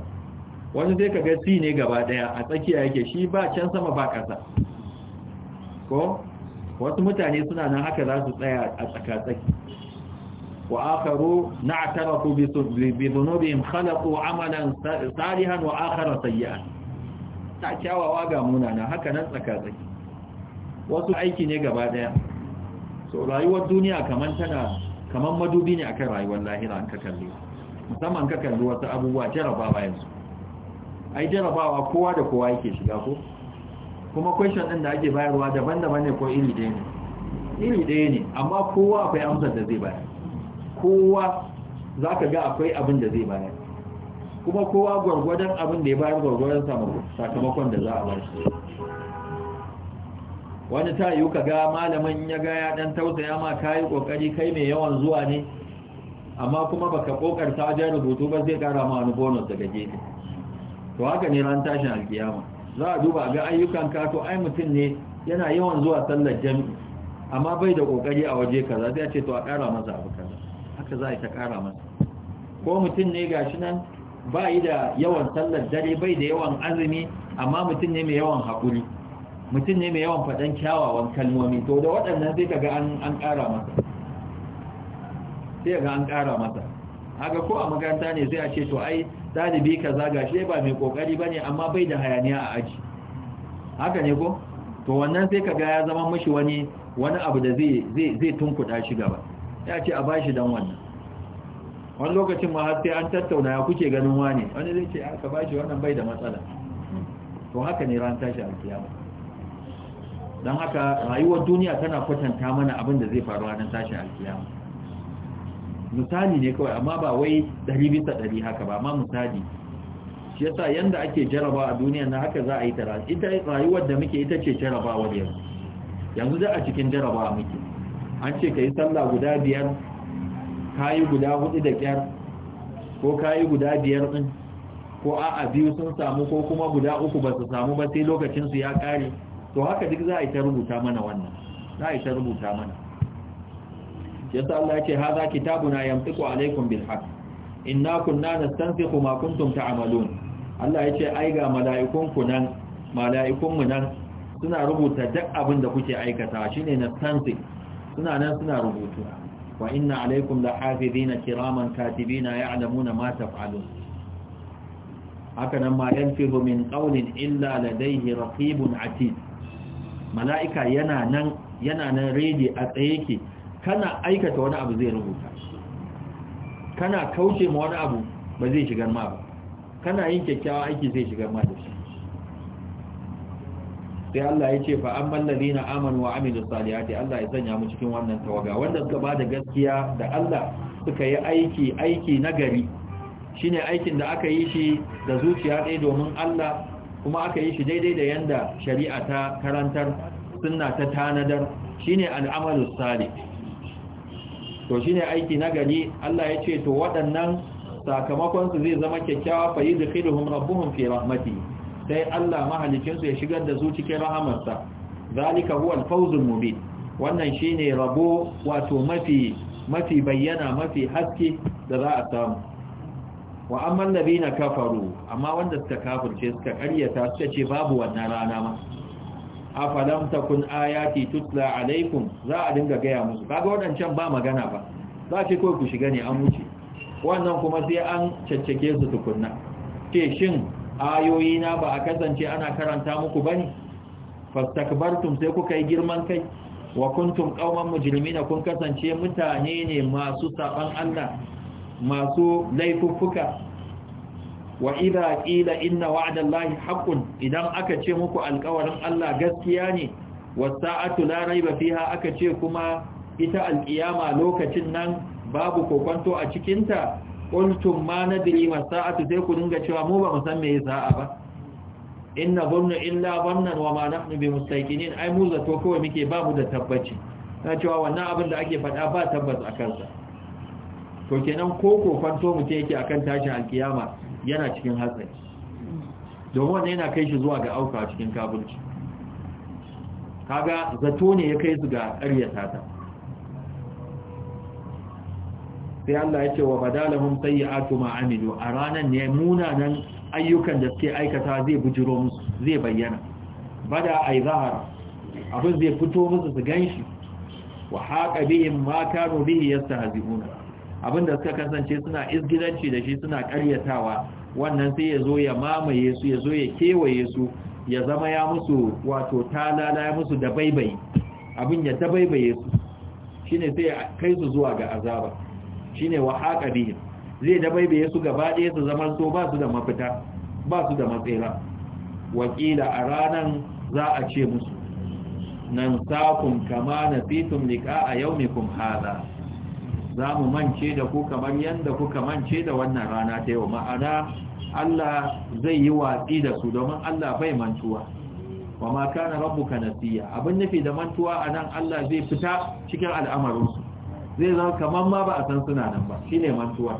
wani sai kaga c ne gaba daya a tsakiya yake shi ba can sama ba kasa ko wasu mutane suna nan haka za su tsaya a tsaka-tsaki. na وآخروا نعترفوا بذنوبهم خلقوا عملا صالحا وآخر سيئا تعشاوا واغا منانا هكذا تسكازي wasu aiki ne gaba daya so rayuwar duniya kaman tana kaman madubi ne akan rayuwar lahira an ka kalli musamman ka kalli wasu abubuwa jarabawa yanzu ai jarabawa kowa da kowa yake shiga ko kuma question din da ake bayarwa daban-daban ne ko iri ɗaya ne iri ɗaya ne amma kowa akwai amsar da zai bayar kowa za ka ga akwai abin da zai bayar kuma kowa gwargwadon abin da ya bayar gwargwadon sakamakon da za a bashi. wani ta yi ka ga malamin ya ga ya dan tausaya ma ka yi kokari kai mai yawan zuwa ne amma kuma baka kokarta wajen rubutu ba zai kara ma wani bonus daga gefe to haka ne ran tashin alkiyama za a duba ga ayyukan ka to ai mutum ne yana yawan zuwa sallar jam'i amma bai da kokari a waje kaza sai a ce to a kara masa abu haka za a ta kara masa ko mutum ne ga shi nan ba yi da yawan sallar dare bai da yawan azumi amma mutum ne mai yawan haƙuri mutum ne mai yawan faɗan kyawawan kalmomi to da waɗannan sai ka ga an ƙara masa sai ga an ƙara masa haka ko a makaranta ne sai a ce to ai ɗalibi kaza shi ba mai ƙoƙari ba ne amma bai da hayaniya a aji haka ne ko to wannan sai ka ga ya zama mashi wani wani abu da zai tunkuɗa shi gaba ya ce a bashi dan wannan wani lokacin ma har sai an tattauna ya kuke ganin wani wani zai ce aka bashi wannan bai da matsala to haka ne ran tashi alkiyama don haka rayuwar duniya tana kwatanta mana abin da zai faru ranar tashi alkiyama misali ne kawai amma ba wai ɗari bisa ɗari haka ba amma misali shi yasa yanda ake jaraba a duniya na haka za a yi ta ita rayuwar da muke ita ce jarabawar yanzu yanzu za a cikin jarabawa muke an ce ka yi sallah guda biyar ka yi guda hudu da kyar ko ka yi guda biyar din ko a'a biyu sun samu ko kuma guda uku ba su samu ba sai lokacinsu ya kare to haka duk za a yi ta rubuta mana wannan za a yi ta rubuta mana yasa Allah ce haza kitabuna yamtiku alaikum bil haqq inna kunna nastanfiqu ma kuntum ta'malun Allah yace ai ga mala'ikun nan mala'ikun nan suna rubuta duk abin da kuke aikata shine nastanfiqu suna nan suna rubutu wa inna alaikum la hafizina kiraman katibina ya'lamuna ma taf'alun haka nan ma yanfihu min qawlin illa ladayhi raqibun atid mala'ika yana nan yana nan ready a tsaye yake kana aikata wani abu zai rubuta kana kauce ma wani abu ba zai shigar ma ba kana yin kyakkyawa aiki zai shigar ma da shi sai Allah ya ce fa amman ladina amanu wa amilus salihati Allah ya sanya mu cikin wannan tawaga wanda suka ba da gaskiya da Allah suka yi aiki aiki nagari shine aikin da aka yi shi da zuciya ɗaya domin Allah kuma aka yi shi daidai da yanda shari'a ta karantar sunna ta tanadar shine al'amalu salih to shine aiki nagari Allah ya ce to waɗannan sakamakon su zai zama kyakkyawa fa yudkhiluhum rabbuhum fi rahmatihi sai Allah mahalicinsu ya shigar da su cikin rahamarsa zalika huwa alfawzul mubin wannan shine rabo wato mafi mafi bayyana mafi haske da za a samu wa amma nabina kafaru amma wanda suka kafirce suka karyata suka ce babu wannan rana ma afalam takun ayati tutla alaikum za a dinga gaya musu kaga wadancan ba magana ba za ce ko ku shiga ne an wuce wannan kuma sai an caccake su tukunna Ke shin ayoyi na ba a kasance ana karanta muku ba ne fastakbartum sai kuka yi girman kai wa kuntum qauman mujrimina kun kasance mutane ne masu saban Allah masu laifuffuka wa idha qila inna wa'dallahi haqqun idan aka ce muku alƙawarin Allah gaskiya ne wasa'atu la raiba fiha aka ce kuma ita alƙiyama lokacin nan babu kokonto a cikinta kuntum ma nadri ma sa'atu sai ku dinga cewa mu ba mu san me sa'a ba inna bunna illa bunnan wa ma nahnu bi mustaqinin ai mu zato kawai muke ba mu da tabbaci na cewa wannan abin da ake faɗa ba tabbas a kansa to kenan ko mu ce yake akan tashin alkiyama yana cikin hatsari domin wannan yana kai shi zuwa ga auka cikin kafirci kaga zato ne ya kai su ga ƙaryata ta sai Allah ya ce wa badalahum sayyi'atu ma amilu a ranan ne munanan ayyukan da suke aikata zai bujiro musu zai bayyana bada ai zahara abin zai fito musu su ganshi wa haqa bihim ma kanu bihi yastahzi'una da suka kasance suna izgidanci da shi suna ƙaryatawa wannan sai ya zo ya mamaye su ya zo ya kewaye su ya zama ya musu wato talala ya musu da baibayi abin ya ta su shine sai kai su zuwa ga azaba shine wa haqa bihim zai dabaibaye su gaba ɗaya su zaman to ba su da mafita ba su da matsayi. wakila a ranan za a ce musu nan sakun kama nasitum liqa'a yawmikum hadha za mu mance da ku kamar yadda kuka mance da wannan rana ta yau ma'ana Allah zai yi watsi da su domin Allah bai mantuwa wa ma kana rabbuka nasiya abin nufi da mantuwa anan Allah zai fita cikin al'amarinsu zai zama kamar ma ba a san suna nan ba shine mantuwa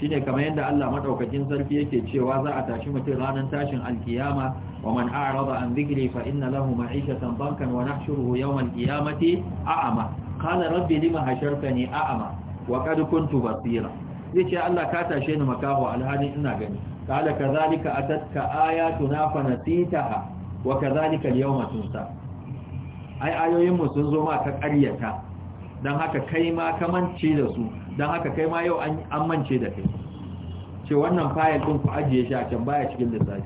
shine kamar yadda Allah madaukakin sarki yake cewa za a tashi mutum ranar tashin alkiyama wa man a'rada an dhikri fa inna lahu ma'ishatan bankan wa nahshuruhu yawm alqiyamati a'ama qala rabbi lima hashartani a'ama wa qad kuntu basira yace Allah ka tashe ni makaho alhali ina gani qala kadhalika atatka ayatuna fa nasitaha wa kadhalika al-yawma tunsa ai ayoyin mu sun zo ma ta ƙaryata don haka kai ma ka mance da su don haka kai ma yau an mance da kai ce wannan fayil ɗin ku ajiye shi a can baya cikin lissafi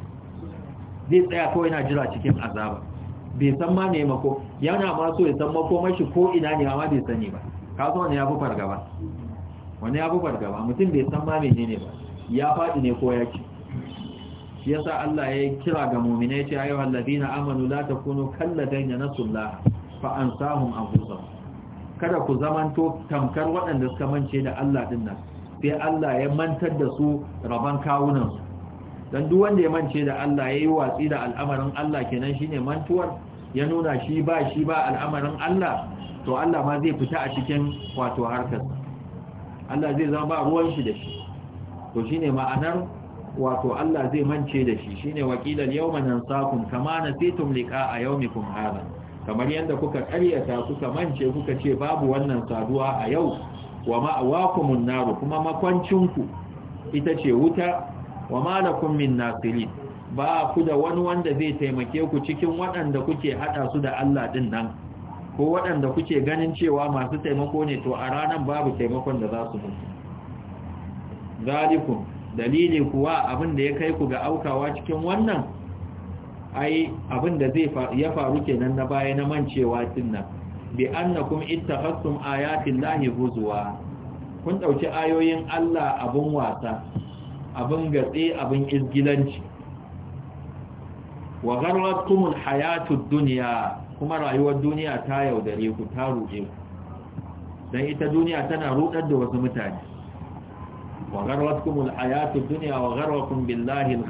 zai tsaya kawai na jira cikin azaba bai san ma ne mako yana ma so ya san makomar shi ko ina ne amma bai sani ba kasu wani ya fi fargaba wani ya fi fargaba mutum bai san ma mene ne ba ya faɗi ne ko ya ci shi yasa Allah ya kira ga mu'mina ya ce ayyuhal ladina amanu la takunu kalladaina nasullah fa ansahum anfusahum kada ku zamanto tamkar waɗanda suka mance da Allah din nan sai Allah ya mantar da su rabon kawunan su duk wanda ya mance da Allah yayi watsi da al'amarin Allah kenan shine mantuwar ya nuna shi ba shi ba al'amarin Allah to Allah ma zai fita a cikin wato harkar Allah zai zama ba ruwan shi da shi to shine ma'anar wato Allah zai mance da shi shine wakilan yawman ansakum kama nasitum liqa'a yawmikum hada kamar yadda kuka karyata kuka mance kuka ce babu wannan saduwa a yau wa ma'awakumun naru kuma makwancinku ita ce wuta wa malakum min nasirin ba ku da wani wanda zai taimake ku cikin waɗanda kuke haɗa su da Allah ɗin nan ko waɗanda kuke ganin cewa masu taimako ne to a ranar babu taimakon da za su mutu zalikun dalili kuwa abin da ya kai ku ga aukawa cikin wannan ai abin da zai ya faru kenan na baya na mancewa nan bi annakum ittakhasum ayatin lahi huzwa kun dauki ayoyin Allah abun wasa abun gatse abun izgilanci wa gharratkumul hayatud dunya kuma rayuwar duniya ta yaudare ku ta ruɗe ku dan ita duniya tana rudar da wasu mutane wa gharratkumul hayatud dunya wa gharrakum billahi al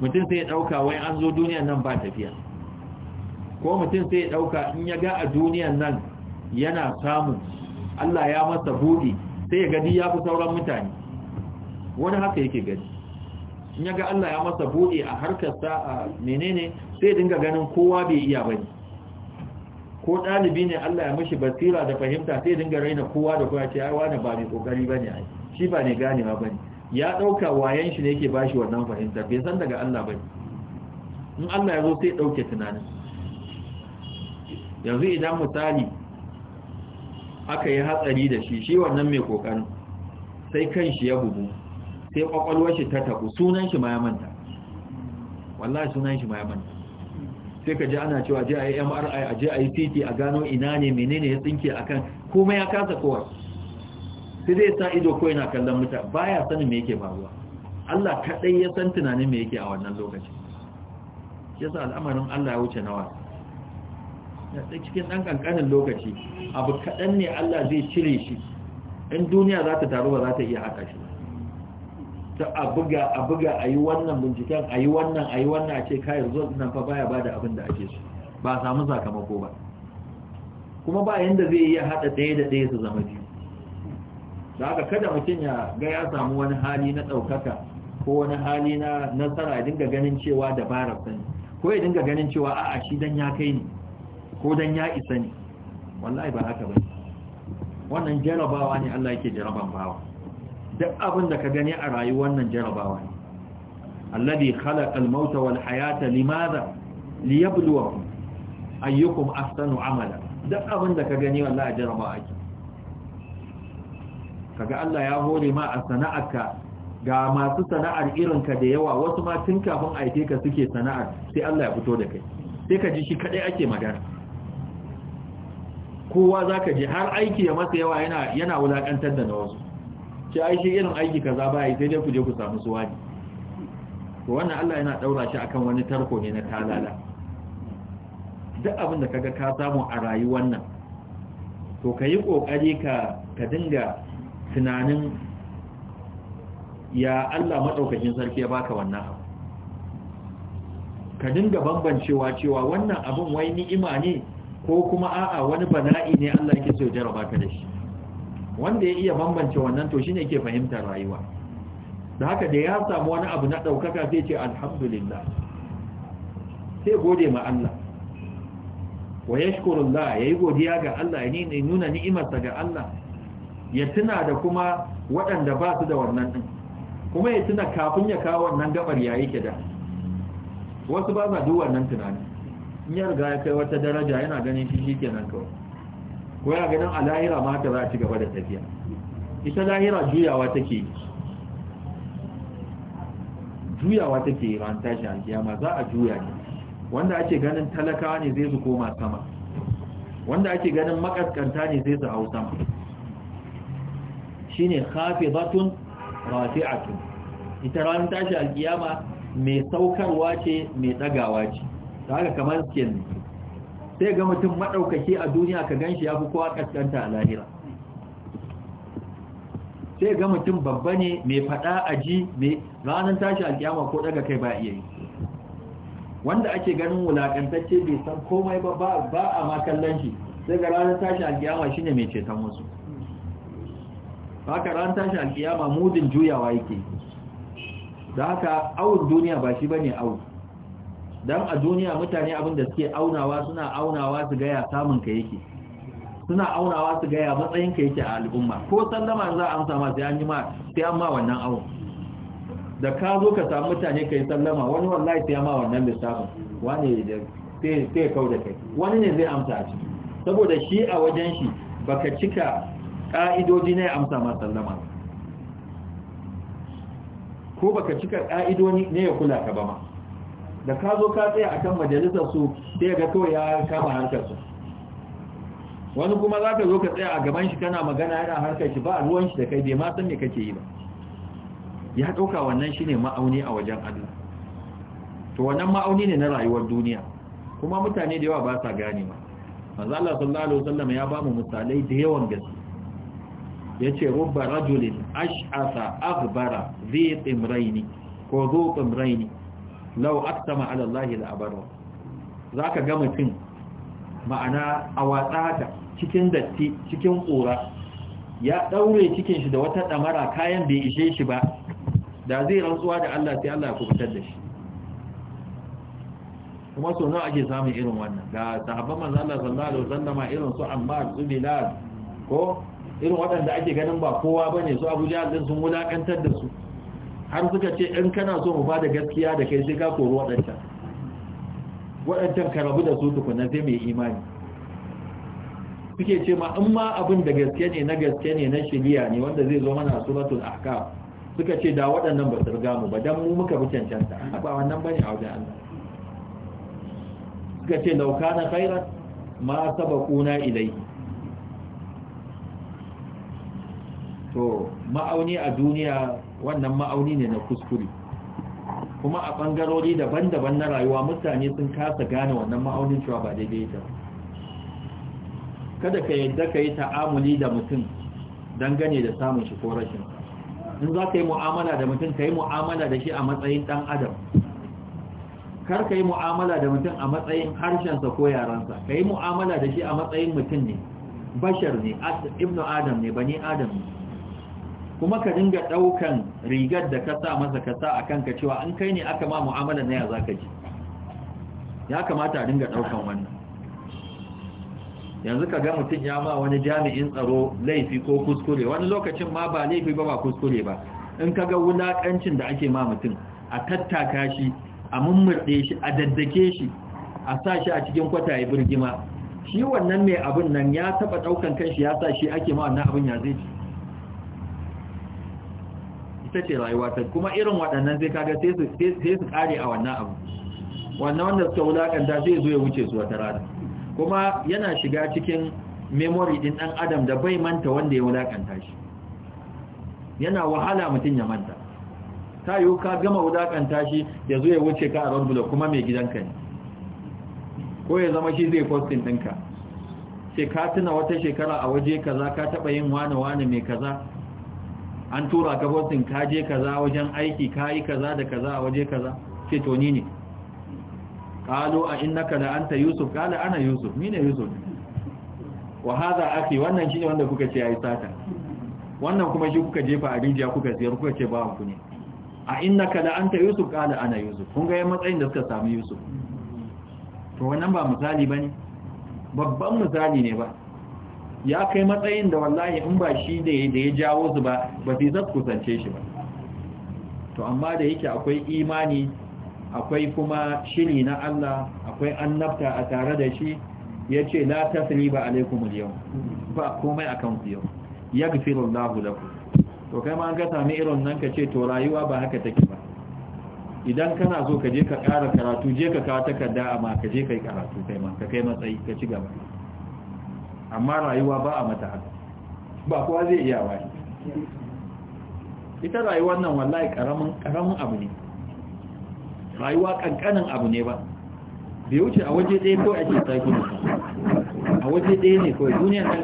mutum sai ya ɗauka wai an zo duniyan nan ba tafiya ko mutum sai ya ɗauka in ya ga a duniyan nan yana samu Allah ya masa buɗi sai ya gadi ya fi sauran mutane wani haka yake gani in ya ga Allah ya masa buɗe a harkarsa a menene sai dinga ganin kowa bai iya ne ko ɗalibi ne Allah ya mashi basira da fahimta sai dinga raina kowa da kowa ce ai wani ba mai kokari ne ai shi ba ne ganewa ne. ya ɗauka wayan shi ne yake ba shi wannan fahimtar bai san daga Allah ba in Allah ya zo sai ɗauke tunanin yanzu idan misali aka yi hatsari da shi shi wannan mai kokarin sai kan shi ya bugu sai kwakwalwar shi ta tafi sunan shi ma ya manta wallahi sunan shi ma ya manta sai ka ji ana cewa je a yi mri a je a yi ct a gano ina ne menene ya tsinke akan komai ya kasa kowa sai zai sa ido ko yana kallon mutane baya sanin me yake faruwa Allah kadai ya san tunanin me yake a wannan lokaci yasa al'amarin Allah ya wuce nawa da cikin dan kankanin lokaci abu kadan ne Allah zai cire shi in duniya za ta taru ba za ta iya haka shi ta abuga abuga ayi wannan binciken ayi wannan ayi wannan a ce kai yanzu nan fa baya bada abin da ake so ba samu sakamako ba kuma ba yanda zai iya hada daya da daya su zama biyu da haka kada mutum ya ga ya samu wani hali na ɗaukaka ko wani hali na nasara ya dinga ganin cewa dabarar sani ko ya dinga ganin cewa a a shi dan ya kai ne ko dan ya isa ne wallahi ba haka ba wannan jarabawa ne Allah yake jaraban bawa duk abin da ka gani a rayuwar nan jarabawa ne alladhi khalaqa al-mauta wal hayata limadha liyabluwakum ayyukum ahsanu amala duk abin da ka gani wallahi jarabawa ake kaga Allah ya hore ma a sana'arka ga masu sana'ar irinka da yawa wasu ma tun kafin aike ka suke sana'ar sai Allah ya fito da kai sai ka ji shi kadai ake magana kowa za ka ji har aiki ya masa yawa yana yana wulakantar da na wasu shi ai shi irin aiki kaza ba sai dai ku je ku samu su ne to wannan Allah yana ɗaura shi akan wani tarko ne na talala duk abin da kaga ka samu a rayuwar nan to kayi kokari ka ka dinga tunanin ya Allah maɗaukacin sarki ya baka wannan ka dinga bambancewa cewa wannan abin wai ni'ima ne ko kuma a'a wani bana'i ne Allah yake so ya jaraba ka da shi wanda ya iya bambance wannan to shine yake fahimtar rayuwa da haka da ya samu wani abu na ɗaukaka sai ce alhamdulillah sai gode ma Allah wa yashkurullah yayi godiya ga Allah ya nuna ni'imarsa ga Allah ya tuna da kuma waɗanda ba su da wannan ɗin kuma ya tuna kafin ya kawo wannan gabar ya yi da wasu ba za duk wannan tunani in ya riga ya kai wata daraja yana ganin shi shi nan kawai ko ya ganin a lahira ma ta za a ci gaba da tafiya ita lahira juyawa take juyawa take ran tashi kiyama za a juya ne wanda ake ganin talakawa ne zai su koma sama wanda ake ganin makaskanta ne zai su hau sama shine khafidatun rafi'atun ita ran tashi alkiyama mai saukarwa ce mai dagawa ce ta haka kamar skin sai ga mutum madaukake a duniya ka ganshi yafi kowa kaskanta a lahira sai ga mutum babba ne mai fada aji mai ranar tashi alkiyama ko daga kai ba iya yi wanda ake ganin wulakantacce bai san komai ba ba a ma kallon shi sai ga ranar tashi alkiyama shine mai ceton wasu haka ran tashi alkiyama mudin juyawa yake da haka awun duniya ba shi bane awu dan a duniya mutane abin da suke aunawa suna aunawa su gaya samun ka yake suna aunawa su gaya matsayin ka yake a al'umma ko sallama za a amsa ma sai an yi ma sai an ma wannan awun da ka zo ka samu mutane kai sallama wani wallahi sai ma wannan lissafin wani da sai sai kau da kai wani ne zai amsa a ciki saboda shi a wajen shi baka cika ƙa'idoji ne amsa ma sallama ko baka cika ƙa'ido ne ya kula ka ba ma da ka zo ka tsaya akan majalisar su sai ga kawai ya kama harkar su wani kuma za ka zo ka tsaya a gaban shi kana magana yana harkar shi ba a ruwan shi da kai bai ma san me kake yi ba ya ɗauka wannan shi ne ma'auni a wajen Allah to wannan ma'auni ne na rayuwar duniya kuma mutane da yawa ba sa gane ba manzo Allah sallallahu alaihi wasallam ya ba mu misalai da yawan gaske yace rubba rajulin ash'asa aghbara dhi timraini ko dhu timraini Lau aqtama ala Allah Za ka zaka ga mutum ma'ana a watsa cikin datti cikin kura ya daure cikin shi da wata damara kayan bai ishe shi ba da zai rantsuwa da Allah sai Allah ya kubutar da shi kuma so nawa ake samun irin wannan da sahabban manzo Allah sallallahu alaihi wasallama irin su Ammar Zubilal ko irin waɗanda ake ganin ba kowa bane su abuja ɗin sun wulakantar da su har suka ce in kana so mu ba da gaskiya da kai sai ka koro waɗancan waɗancan ka rabu da su tukunan sai mai imani suke ce ma in ma abin da gaske ne na gaske ne na shiriya ne wanda zai zo mana suratul ahkam suka ce da waɗannan ba su riga mu ba don mu muka bi cancanta ba wannan ba ne a wajen Allah suka ce laukana khairan ma sabaquna ilayhi to ma'auni a duniya wannan ma'auni ne na kuskure kuma a ɓangarori daban-daban na rayuwa mutane sun kasa gane wannan ma'aunin cewa ba daidai ta kada ka yadda ka yi ta'amuli da mutum don gane da samun shi ko rashin in za ka yi mu'amala da mutum ka yi mu'amala da shi a matsayin ɗan adam kar ka yi mu'amala da mutum a matsayin harshensa ko yarensa ka yi mu'amala da shi a matsayin mutum ne bashar ne ibnu adam ne bani adam ne kuma ka dinga ɗaukan rigar da ka sa masa ka sa akan ka cewa an kai ne aka ma mu'amala na ya zaka ji ya kamata a dinga daukan wannan yanzu ka ga mutum ya ma wani jami'in tsaro laifi ko kuskure wani lokacin ma ba laifi ba ba kuskure ba in ka ga wulakancin da ake ma mutum a tattaka shi a mummurɗe shi a daddake shi a sa shi a cikin kwataye birgima shi wannan mai abin nan ya taɓa ɗaukan kanshi ya sa shi ake ma wannan abin ya zai ci ita ce rayuwa ta kuma irin waɗannan zai kaga sai su sai su kare a wannan abu wannan wanda suka wulaƙanta zai zo ya wuce su wata rana kuma yana shiga cikin memory din dan adam da bai manta wanda ya wulaƙanta shi yana wahala mutum ya manta ta yiwu ka gama wulaƙanta shi ya zo ya wuce ka a rambula kuma mai gidanka ne ko ya zama shi zai postin ɗinka sai ka tuna wata shekara a waje kaza ka taɓa yin wane-wane mai kaza an tura ka bostin ka je kaza wajen aiki ka yi kaza da kaza a waje kaza ce to ni ne qalu a innaka la anta yusuf qala ana yusuf ni ne yusuf wa hadha akhi wannan shine wanda kuka ce ai sata wannan kuma shi kuka jefa a rijiya kuka siyar kuka ce ba ku ne a innaka la anta yusuf qala ana yusuf kun ga matsayin da suka samu yusuf to wannan ba misali bane babban misali ne ba ya kai matsayin da wallahi in ba shi da ya jawo su ba ba sai za kusance shi ba to amma da yake akwai imani akwai kuma shiri na Allah akwai annabta a tare da shi ya ce la ba, alaikum yau ba komai akan ku yau yaghfirullahu lakum to kai ma an ka sami irin nan ka ce to rayuwa ba haka take ba idan kana so ka je ka ƙara karatu je ka kawo takarda amma ka je kai karatu kai ma ka kai matsayi ka ci gaba amma rayuwa ba a mata haka ba kowa zai iya wani ita rayuwar nan wallahi karamin karamin abu ne rayuwa kankanin abu ne ba bai wuce a waje ɗaya ko ake tsaki a waje ɗaya ne kawai duniyar nan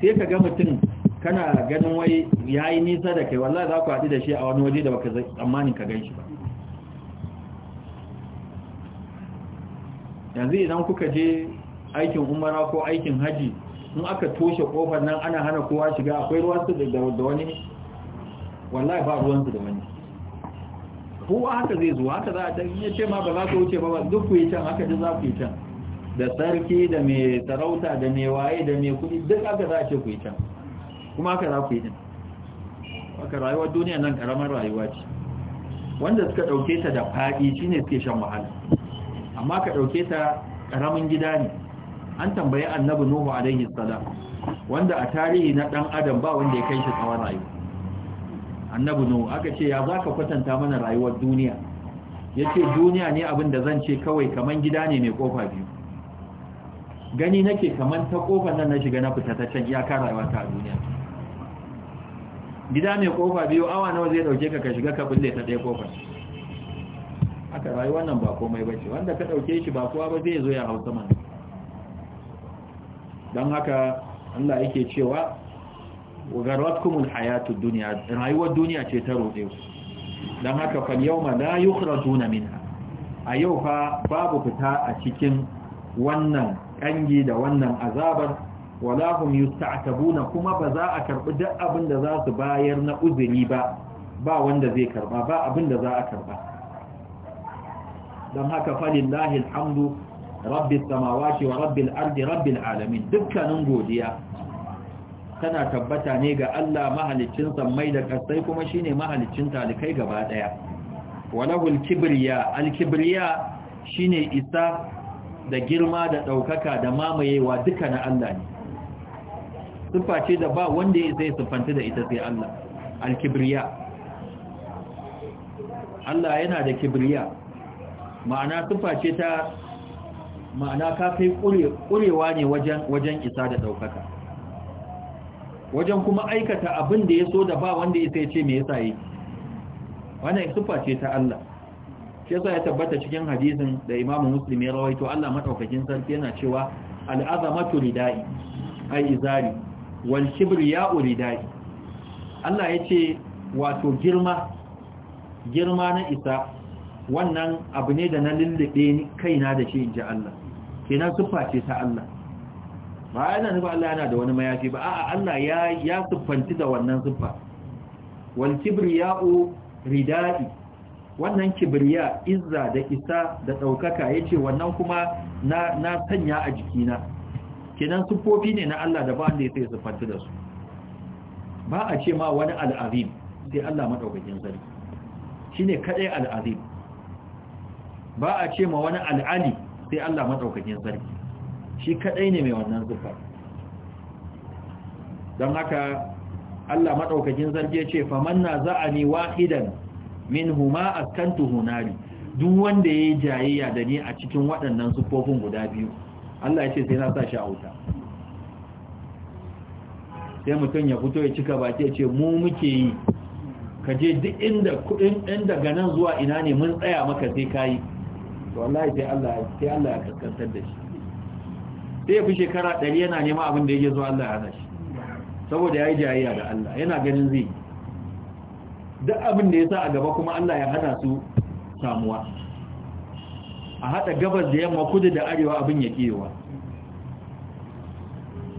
sai ka ga mutum kana ganin wai yayi nisa da kai wallahi za ku haɗu da shi a wani waje da baka zai tsammanin ka gan shi ba yanzu idan kuka je aikin umara ko aikin haji sun aka toshe kofar nan ana hana kowa shiga akwai ruwansu da wani wallahi ba ruwan su da wani kowa haka zai zuwa haka za a can yi ce ma ba za ka wuce ba duk ku yi can haka duk za ku yi can da sarki da mai sarauta da mai waye da mai kudi duk haka za a ce ku yi can kuma haka za ku yi din haka rayuwar duniya nan karamar rayuwa ce wanda suka ɗauke ta da faɗi shine suke shan wahala amma ka ɗauke ta ƙaramin gida ne an tambayi annabi nuhu alaihi salam wanda a tarihi na dan adam ba wanda ya kai shi tsawon rayuwa annabi nuhu aka ce ya zaka kwatanta mana rayuwar duniya yace duniya ne abin da zan ce kawai kaman gida ne mai kofa biyu gani nake kaman ta kofar nan na shiga na fita ta can iyaka rayuwa ta duniya gida mai kofa biyu awa nawa zai dauke ka ka shiga ka bulle ta ɗaya kofar aka rayuwar nan ba komai bace wanda ka dauke shi ba kowa ba zai zo ya hausa mana don haka Allah yake cewa garwatkumul hayatu duniya rayuwar duniya ce ta ruɗe. don haka fal yawma la yukhrajuna minha a yau fa babu fita a cikin wannan ƙangi da wannan azabar wala hum yusta'tabuna kuma ba za a karɓi duk abin da za su bayar na uzuri ba ba wanda zai karɓa. ba abin da za a karɓa. don haka falillahi alhamdu rabbi samawati wa rabbil ardi rabbil alamin dukkanin godiya tana tabbata ne ga Allah mahaliccin sammai da kasai kuma shine mahaliccin talikai gaba daya walahul kibriya al kibriya shine isa da girma da daukaka da mamayewa duka na Allah ne sifa ce da ba wanda zai sai da ita sai Allah al kibriya Allah yana da kibriya ma'ana sifa ce ta ma'ana ka kai ƙurewa ne wajen isa da ɗaukaka wajen kuma aikata abin da ya so da ba wanda ya sai ce me yasa yi wannan sufa ce ta Allah shi yasa ya tabbata cikin hadisin da imamu Muslim ya rawaito Allah maɗaukakin sarki yana cewa al'azamatu azamatu ridai ai izari wal kibriya'u ridai Allah ya ce wato girma na isa wannan abu ne da na lullube ni kaina da shi in ji Allah kenan siffa ce ta Allah ba yana nufi Allah yana da wani mayafi ba a'a Allah ya ya siffanci da wannan siffa wal kibriya'u ridai wannan kibriya izza da isa da daukaka yace wannan kuma na na sanya a jikina kenan siffofi ne na Allah da ba wanda ya sai da su ba a ce ma wani al'azim sai Allah madaukakin sarki shine kadai al'azim ba a ce ma wani al'ali sai Allah maɗaukakin sarki shi kaɗai ne mai wannan zufa don haka Allah maɗaukakin sarki ya ce famanna za'ani wahidan min huma a kan hunari duk wanda ya yi jayayya da ni a cikin waɗannan siffofin guda biyu Allah ya ce sai na sa shi a wuta sai mutum ya fito ya cika baki ya ce mu muke yi ka je duk inda kudin inda ganin zuwa ina ne mun tsaya maka sai kayi to wallahi sai Allah sai Allah ya kaskantar da shi sai ya fi shekara 100 yana nema abin da yake zo Allah ya hana shi saboda yayi jayayya da Allah yana ganin zai duk abin da ya sa a gaba kuma Allah ya hana su samuwa a hada gabas da yamma kudu da arewa abin ya kewa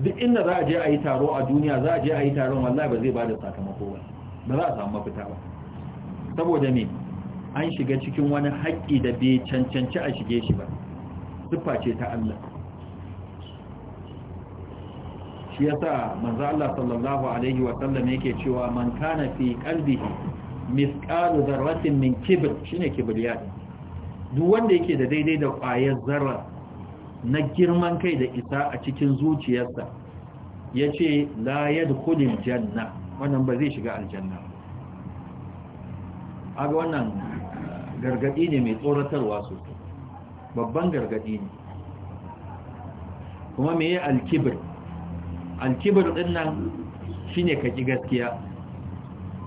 duk inda za a je a yi taro a duniya za a je a yi taron wallahi ba zai ba da sakamako ba ba za a samu mafita ba saboda ne an shiga cikin wani haƙƙi da bai cancanci a shige shi ba siffa ce ta Allah shi yasa manzo Allah sallallahu alaihi wa sallam yake cewa man kana fi qalbihi misqalu dharratin min kibr shine kibriya duk wanda yake da daidai da ƙwayar zarra na girman kai da isa a cikin zuciyarsa yace la yadkhulul janna wannan ba zai shiga aljanna ba aga wannan gargadi ne mai tsoratarwa sosai babban gargadi ne kuma me yi alkibir alkibir din nan shine ka kaki gaskiya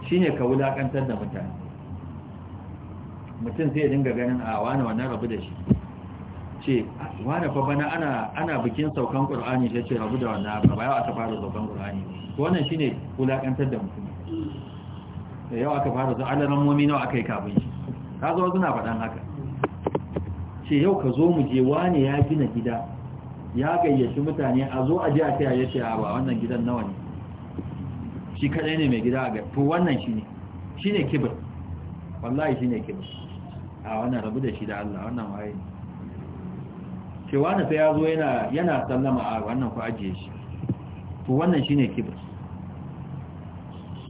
Shi ne ka wulakantar da mutane mutum zai dinga ganin a wani wannan rabu da shi ce wani fa bana ana bikin saukan qur'ani shi ce rabu da wannan ba yau aka fara saukan qur'ani wannan ne wulakantar da mutum yau aka fara su alaran momi nawa aka yi kafin shi kaga wasu na faɗan haka ce yau ka zo mu je wane ya gina gida ya gayyaci mutane a zo a ji a taya ya a ba wannan gidan nawa ne shi kadai ne mai gida a to wannan shi ne shi ne kibir wallahi shi ne kibir a wannan rabu da shi da Allah wannan waye ne ce wane ta ya zo yana sallama a wannan ku ajiye shi to wannan shi ne kibir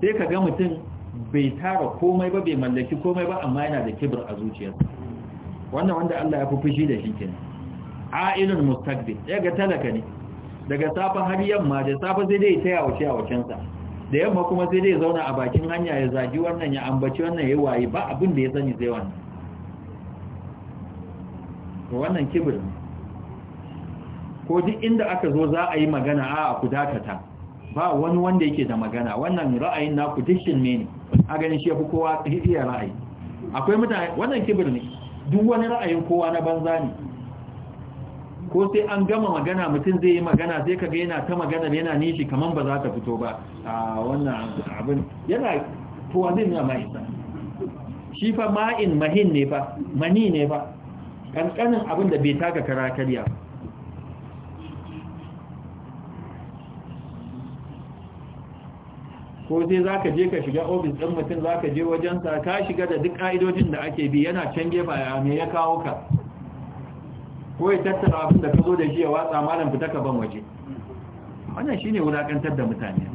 sai ka ga mutum bai tara komai ba bai mallaki komai ba amma yana da kibir a zuciyarsa wannan wanda Allah ya fi fushi da shi kenan ailun mustaqbil ya ga talaka ne daga safa har yamma da safa sai dai yawo ciya wacin sa da yamma kuma sai dai zauna a bakin hanya ya zagi wannan ya ambaci wannan ya waye ba abin da ya sani sai wannan to wannan kibir ko duk inda aka zo za a yi magana a ku dakata ba wani wanda yake da magana wannan ra'ayin naku dukkan ne a ganin shi ku kowa iya ra'ayi akwai mutane wannan kibir ne duk wani ra'ayin kowa na banza ne ko sai an gama magana mutum zai yi magana sai kaga yana ta magana yana nishi kaman ba za ta fito ba a wannan abin yana to wanda ne mai isa shi fa ma'in mahin ne fa mani ne fa kankanin abin da bai taka kara karya ba ko sai za ka je ka shiga ofis ɗin mutum za ka je wajensa ka shiga da duk ƙa'idojin da ake bi yana can gefa ya me ya kawo ka ko ya tattara abin da ka zo da shi ya watsa malam fita ka ban waje wannan shine wulakantar da mutane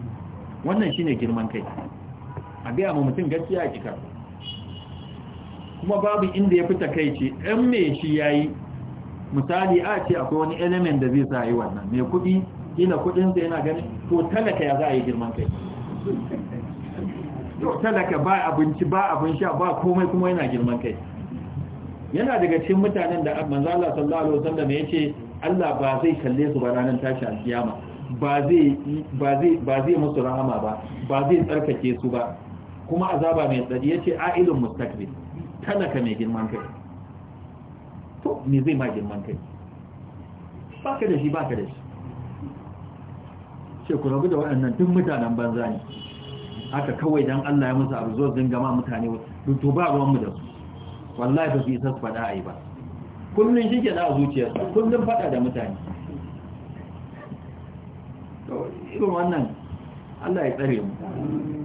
wannan shine girman kai a biya ma mutum gaskiya a cika kuma babu inda ya fita kai ce ɗan me shi ya yi misali a ce akwai wani element da zai sa yi wannan mai kuɗi ina kuɗinsa yana ganin ko talaka ya za a yi girman kai talaka ba abinci ba abin sha ba komai kuma yana girman kai yana daga cikin mutanen da manzo Allah sallallahu alaihi wasallam ce, Allah ba zai kalle su ba ranar tashi alkiyama ba zai ba zai musu rahama ba ba zai tsarkake su ba kuma azaba mai tsari, ya ce, ailun ta talaka mai girman kai to me zai ma girman kai Ba ka da shi ba ka da shi ce ku rabu da waɗannan duk mutanen banza ne haka kawai dan Allah ya musu abu zo dinga ma mutane to ba ruwan mu da su wallahi ba su isa su faɗa ai ba kullun ke da zuciyarsa kullun faɗa da mutane to irin wannan Allah ya tsare mu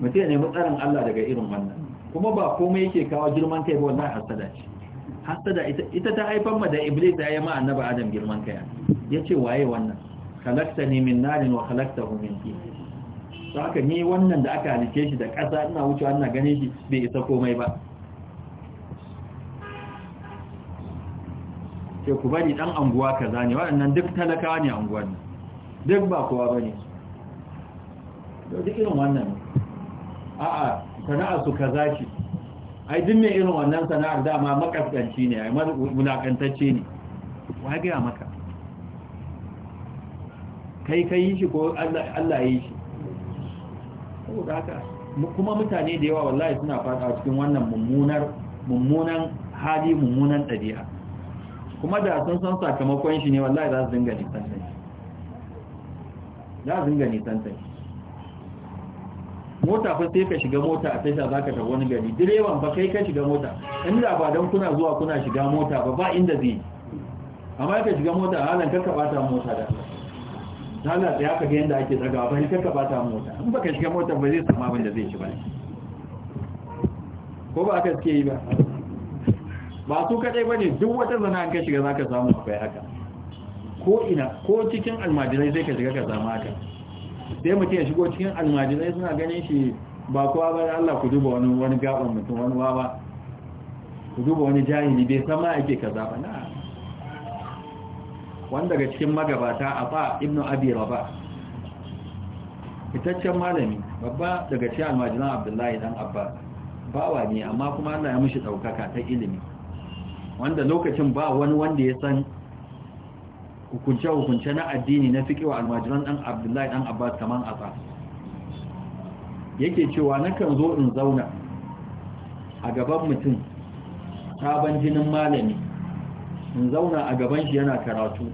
mutum ne tsarin Allah daga irin wannan kuma ba komai yake kawo girman kai ba wannan hasada ce hasada ita ta haifar ma da iblis da ya ma annabi adam girman kai Ya ce waye wannan khalaqtani min nalin wa khalaqtahu min tin to haka ni wannan da aka halice shi da ƙasa ina wucewa ina ganin shi bai isa komai ba ke ku bari dan anguwa kaza ne waɗannan duk talakawa ne ne duk ba kowa bane duk irin wannan a'a sana'ar su kaza ki. ai duk mai irin wannan sana'ar dama makaskanci ne ai mulakantacce ne wa ga maka kai ka yi shi ko Allah ya yi shi saboda haka kuma mutane da yawa wallahi suna fada cikin wannan mummunar mummunan hali mummunan ɗabi'a kuma da sun san sakamakon shi ne wallahi za su dinga nisan sai za su dinga nisan sai mota fa sai ka shiga mota a tasha za ka tafi wani gari direban ba kai ka shiga mota inda ba don kuna zuwa kuna shiga mota ba ba inda zai amma ka shiga mota a halin ka bata mota da Allah tana da aka ga yadda ake zagawa ba kanka ba ta mota in baka shiga motar ba zai samu abin da zai ci ba ko ba aka ce yi ba ba su kade ba ne duk wata zana an ka shiga za ka samu kai haka ko ina ko cikin almajirai zai ka shiga ka samu haka sai mutum ya shigo cikin almajirai suna ganin shi ba kowa ba Allah ku duba wani wani gaban mutum wani wawa ku duba wani jahili bai san ma ake kaza ba na wanda daga cikin magabata a ba ibn abi raba fitaccen malami babba daga cikin almajiran abdullahi dan abba wa ne amma kuma Allah ya mishi daukaka ta ilimi wanda lokacin ba wani wanda ya san hukunce-hukunce na addini na fiƙi wa almajiran ɗan abdullahi ɗan abba kamar asa yake cewa na kan zo in zauna a gaban mutum sabon jinin malami in zauna a gaban shi yana karatu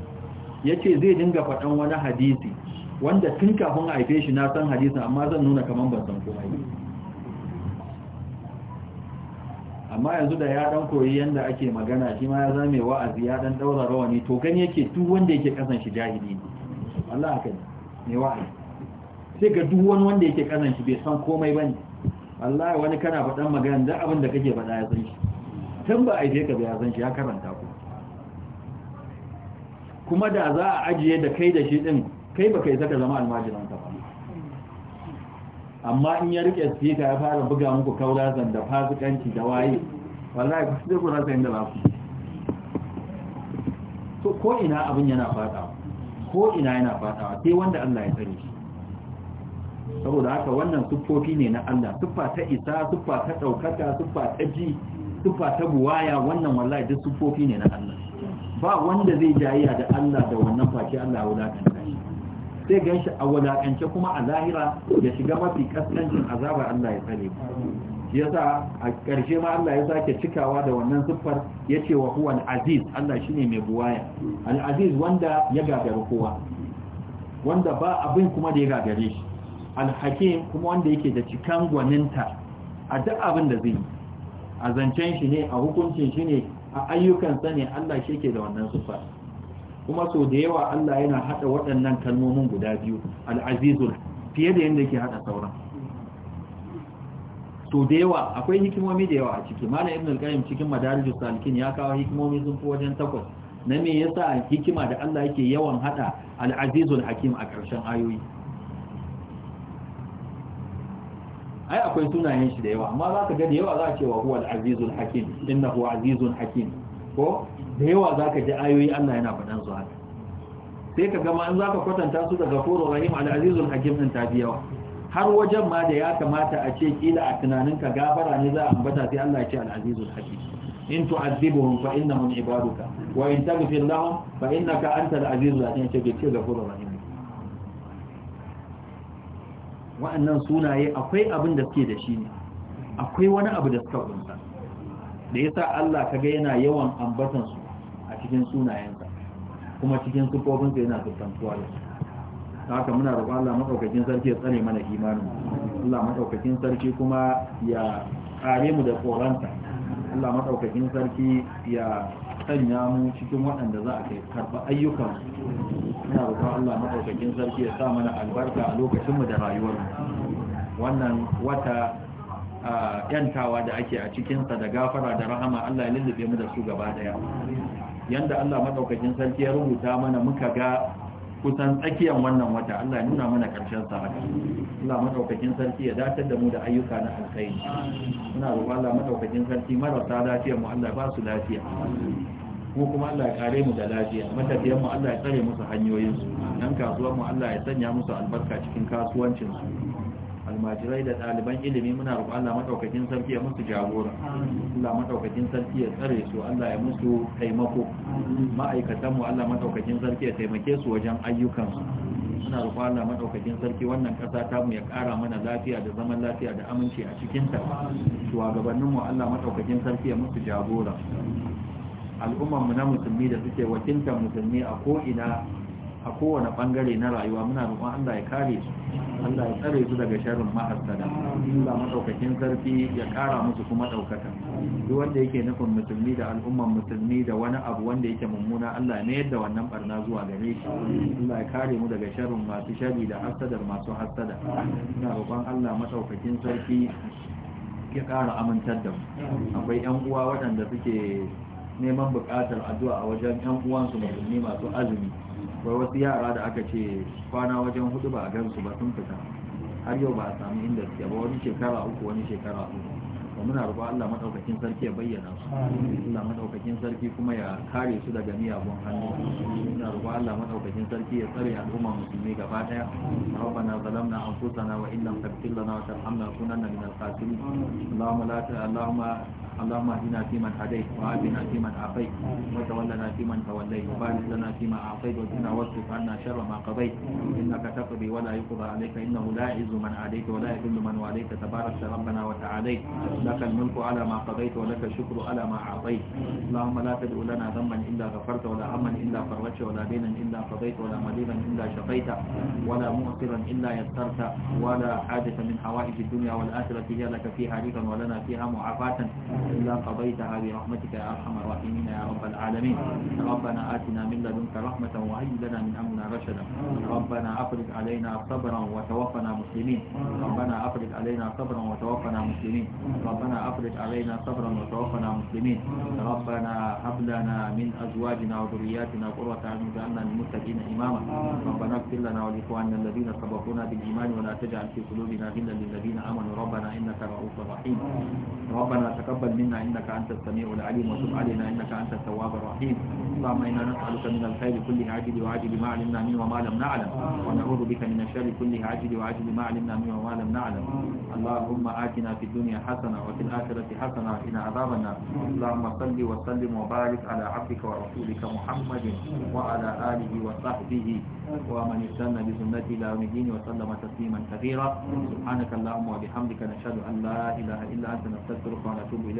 yace zai dinga faɗan wani hadisi wanda tun kafin a haife shi na san hadisin amma zan nuna kaman ban san komai amma yanzu da ya dan koyi yanda ake magana shi ma ya zame wa'azi ya dan daura rawani to gani yake duk wanda yake kasan shi jahili ne Allah haka ne wa'azi sai ga duk wani wanda yake kasan shi bai san komai bane Allah wani kana faɗan magana da abin da kake faɗa ya san shi tun ba a haife ka bai ya san shi ya karanta kuma da za a ajiye da kai da shi din kai ba kai zaka zama almajiran ka amma in ya rike speaker ya fara buga muku zan da fasikanci da waye wallahi ku sai ku rasa inda za ku to ko ina abin yana fadawa ko ina yana fadawa sai wanda Allah ya sani saboda haka wannan siffofi ne na Allah siffa ta isa siffa ta daukaka siffa ta ji siffa ta buwaya wannan wallahi duk siffofi ne na Allah ba wanda zai jayya da Allah da wannan faki Allah ya shi sai gan shi a wulakance kuma a zahira ya shiga mafi kaskancin azabar Allah ya tsare yasa a ƙarshe ma Allah ya sake cikawa da wannan siffar yace wa huwa al-aziz Allah shine mai buwaya al-aziz wanda ya gagara kowa wanda ba abin kuma da ya gagare shi al-hakim kuma wanda yake da cikan gwaninta a duk abin da zai yi a zancen shi ne a hukuncin shi ne a ayyukansa ne Allah shi ke da wannan sufa kuma so da yawa Allah yana haɗa waɗannan kalmomin guda biyu al'azizul fiye da yadda ke haɗa sauran so da yawa akwai hikimomi da yawa a ciki malam ibn al cikin madarijus salikin ya kawo hikimomi sun fi wajen takwas na me yasa hikima da Allah yake yawan haɗa al'azizul hakim a ƙarshen ayoyi ai akwai sunayen shi da yawa amma za ka ga da yawa za a ce wa huwa al-azizul hakim innahu azizun hakim ko da yawa za ka ji ayoyi Allah yana faɗan su haka sai ka gama an za ka kwatanta su da gafurur rahim al-azizul hakim din ta yawa har wajen ma da ya kamata a ce kila a tunaninka gafara ne za a ambata sai Allah ya ce al-azizul hakim in tu'adhibuhum fa innahum ibaduka wa in taghfir lahum fa innaka antal azizul hakim ce ga gafurur rahim wa'annan sunaye akwai abin da suke da shi ne akwai wani abu da suka kunsa da yasa Allah ga yana yawan ambatan su a cikin sunayensa kuma cikin sufofin sa yana sufantuwa da su haka muna roƙon Allah madaukakin sarki ya tsare mana imanin Allah madaukakin sarki kuma ya kare mu da tsoronta Allah madaukakin sarki ya sanya mu cikin waɗanda za a kai karɓa ayyukan ina roƙon Allah maɗaukakin sarki ya sa mana albarka a lokacinmu da rayuwar mu wannan wata yantawa da ake a cikinsa da gafara da rahama Allah ya lullube mu da su gaba ɗaya. yanda Allah maɗaukakin sarki ya rubuta mana muka ga kusan tsakiyar wannan wata Allah ya nuna mana ƙarshen sa haka Allah maɗaukakin sarki ya datar da mu da ayyuka na alkhairi muna roƙon Allah maɗaukakin sarki marasa lafiyar mu Allah ba su lafiya ko kuma Allah ya kare mu da lafiya matafiyan mu Allah ya tsare musu hanyoyin su nan kasuwar mu Allah ya sanya musu albarka cikin kasuwancin su almajirai da ɗaliban ilimi muna roƙon Allah madaukakin sarki ya musu jagora Allah madaukakin sarki ya tsare su Allah ya musu taimako ma'aikatan mu Allah madaukakin sarki ya taimake su wajen ayyukan su muna roƙon Allah madaukakin sarki wannan ƙasa ta mu ya ƙara mana lafiya da zaman lafiya da aminci a cikin ta shugabannin mu Allah madaukakin sarki ya musu jagora al'umman mu na musulmi da suke wakiltar musulmi a ko ina a kowane bangare na rayuwa muna roƙon Allah ya kare su Allah ya tsare su daga sharrin ma'asada Allah maɗaukakin sarki ya kara musu kuma daukaka duk wanda yake nufin musulmi da al'umman musulmi da wani abu wanda yake mummuna Allah ya mayar yadda wannan barna zuwa gare shi Allah ya kare mu daga sharrin masu shari da hassadar masu hassada muna roƙon Allah maɗaukakin sarki ya kara amintar da mu akwai yan uwa waɗanda suke neman buƙatar addu'a a wajen yan uwansu musulmi masu azumi wai wasu yara da aka ce kwana wajen hudu ba a gansu ba sun fita har yau ba a sami inda suke ba wani shekara uku wani shekara uku ba muna roƙo Allah madaukakin sarki ya bayyana su Allah madaukakin sarki kuma ya kare su daga miyagun hannu muna roƙo Allah madaukakin sarki ya tsare al'umma musulmi gaba daya Na zalamna na wa in lam taghfir lana wa tarhamna na min al-khasirin allahumma la allahumma اللهم اهدنا فيمن هديت وآتنا فيمن عافيت وتولنا فيمن توليت وبارك لنا فيما أعطيت وقنا واصرف عنا شر ما قضيت إنك تقضي ولا يقضى عليك إنه لا يعز من عاديت ولا يذل من واليت تبارك ربنا وتعاليت لك الملك على ما قضيت ولك الشكر على ما أعطيت اللهم لا تدعو لنا ذنبا إلا غفرت ولا هما إلا فرجت ولا دينا إلا قضيت ولا مريضا إلا شقيت ولا مؤثرا إلا يسرت ولا حادث من حوائج الدنيا والآخرة هي لك فيها ريقا ولنا فيها معافاة إلا قضيتها برحمتك يا أرحم الراحمين يا رب العالمين ربنا آتنا من لدنك رحمة وهيئ لنا من أمرنا رشدا ربنا أفرج علينا صبرا وتوفنا مسلمين ربنا أفرج علينا صبرا وتوفنا مسلمين ربنا أفرج علينا صبرا وتوفنا مسلمين ربنا هب لنا من أزواجنا وذرياتنا قرة أعين وجعلنا للمتقين إماما ربنا اغفر لنا ولإخواننا الذين سبقونا بالإيمان ولا تجعل في قلوبنا غلا للذين آمنوا ربنا إنك رؤوف رحيم ربنا تقبل منا إنك أنت السميع العليم وتب علينا إنك أنت التواب الرحيم اللهم إنا نسألك من الخير كله عاجل وعاجل ما علمنا منه وما لم نعلم ونعوذ بك من الشر كله عاجل وعاجل ما علمنا منه وما لم نعلم اللهم آتنا في الدنيا حسنة وفي الآخرة حسنة وقنا عذاب النار اللهم صل وسلم وبارك على عبدك ورسولك محمد وعلى آله وصحبه ومن استنى بسنته إلى يوم الدين وسلم تسليما كثيرا سبحانك اللهم وبحمدك نشهد أن لا إله إلا أنت نستغفرك ونتوب إليك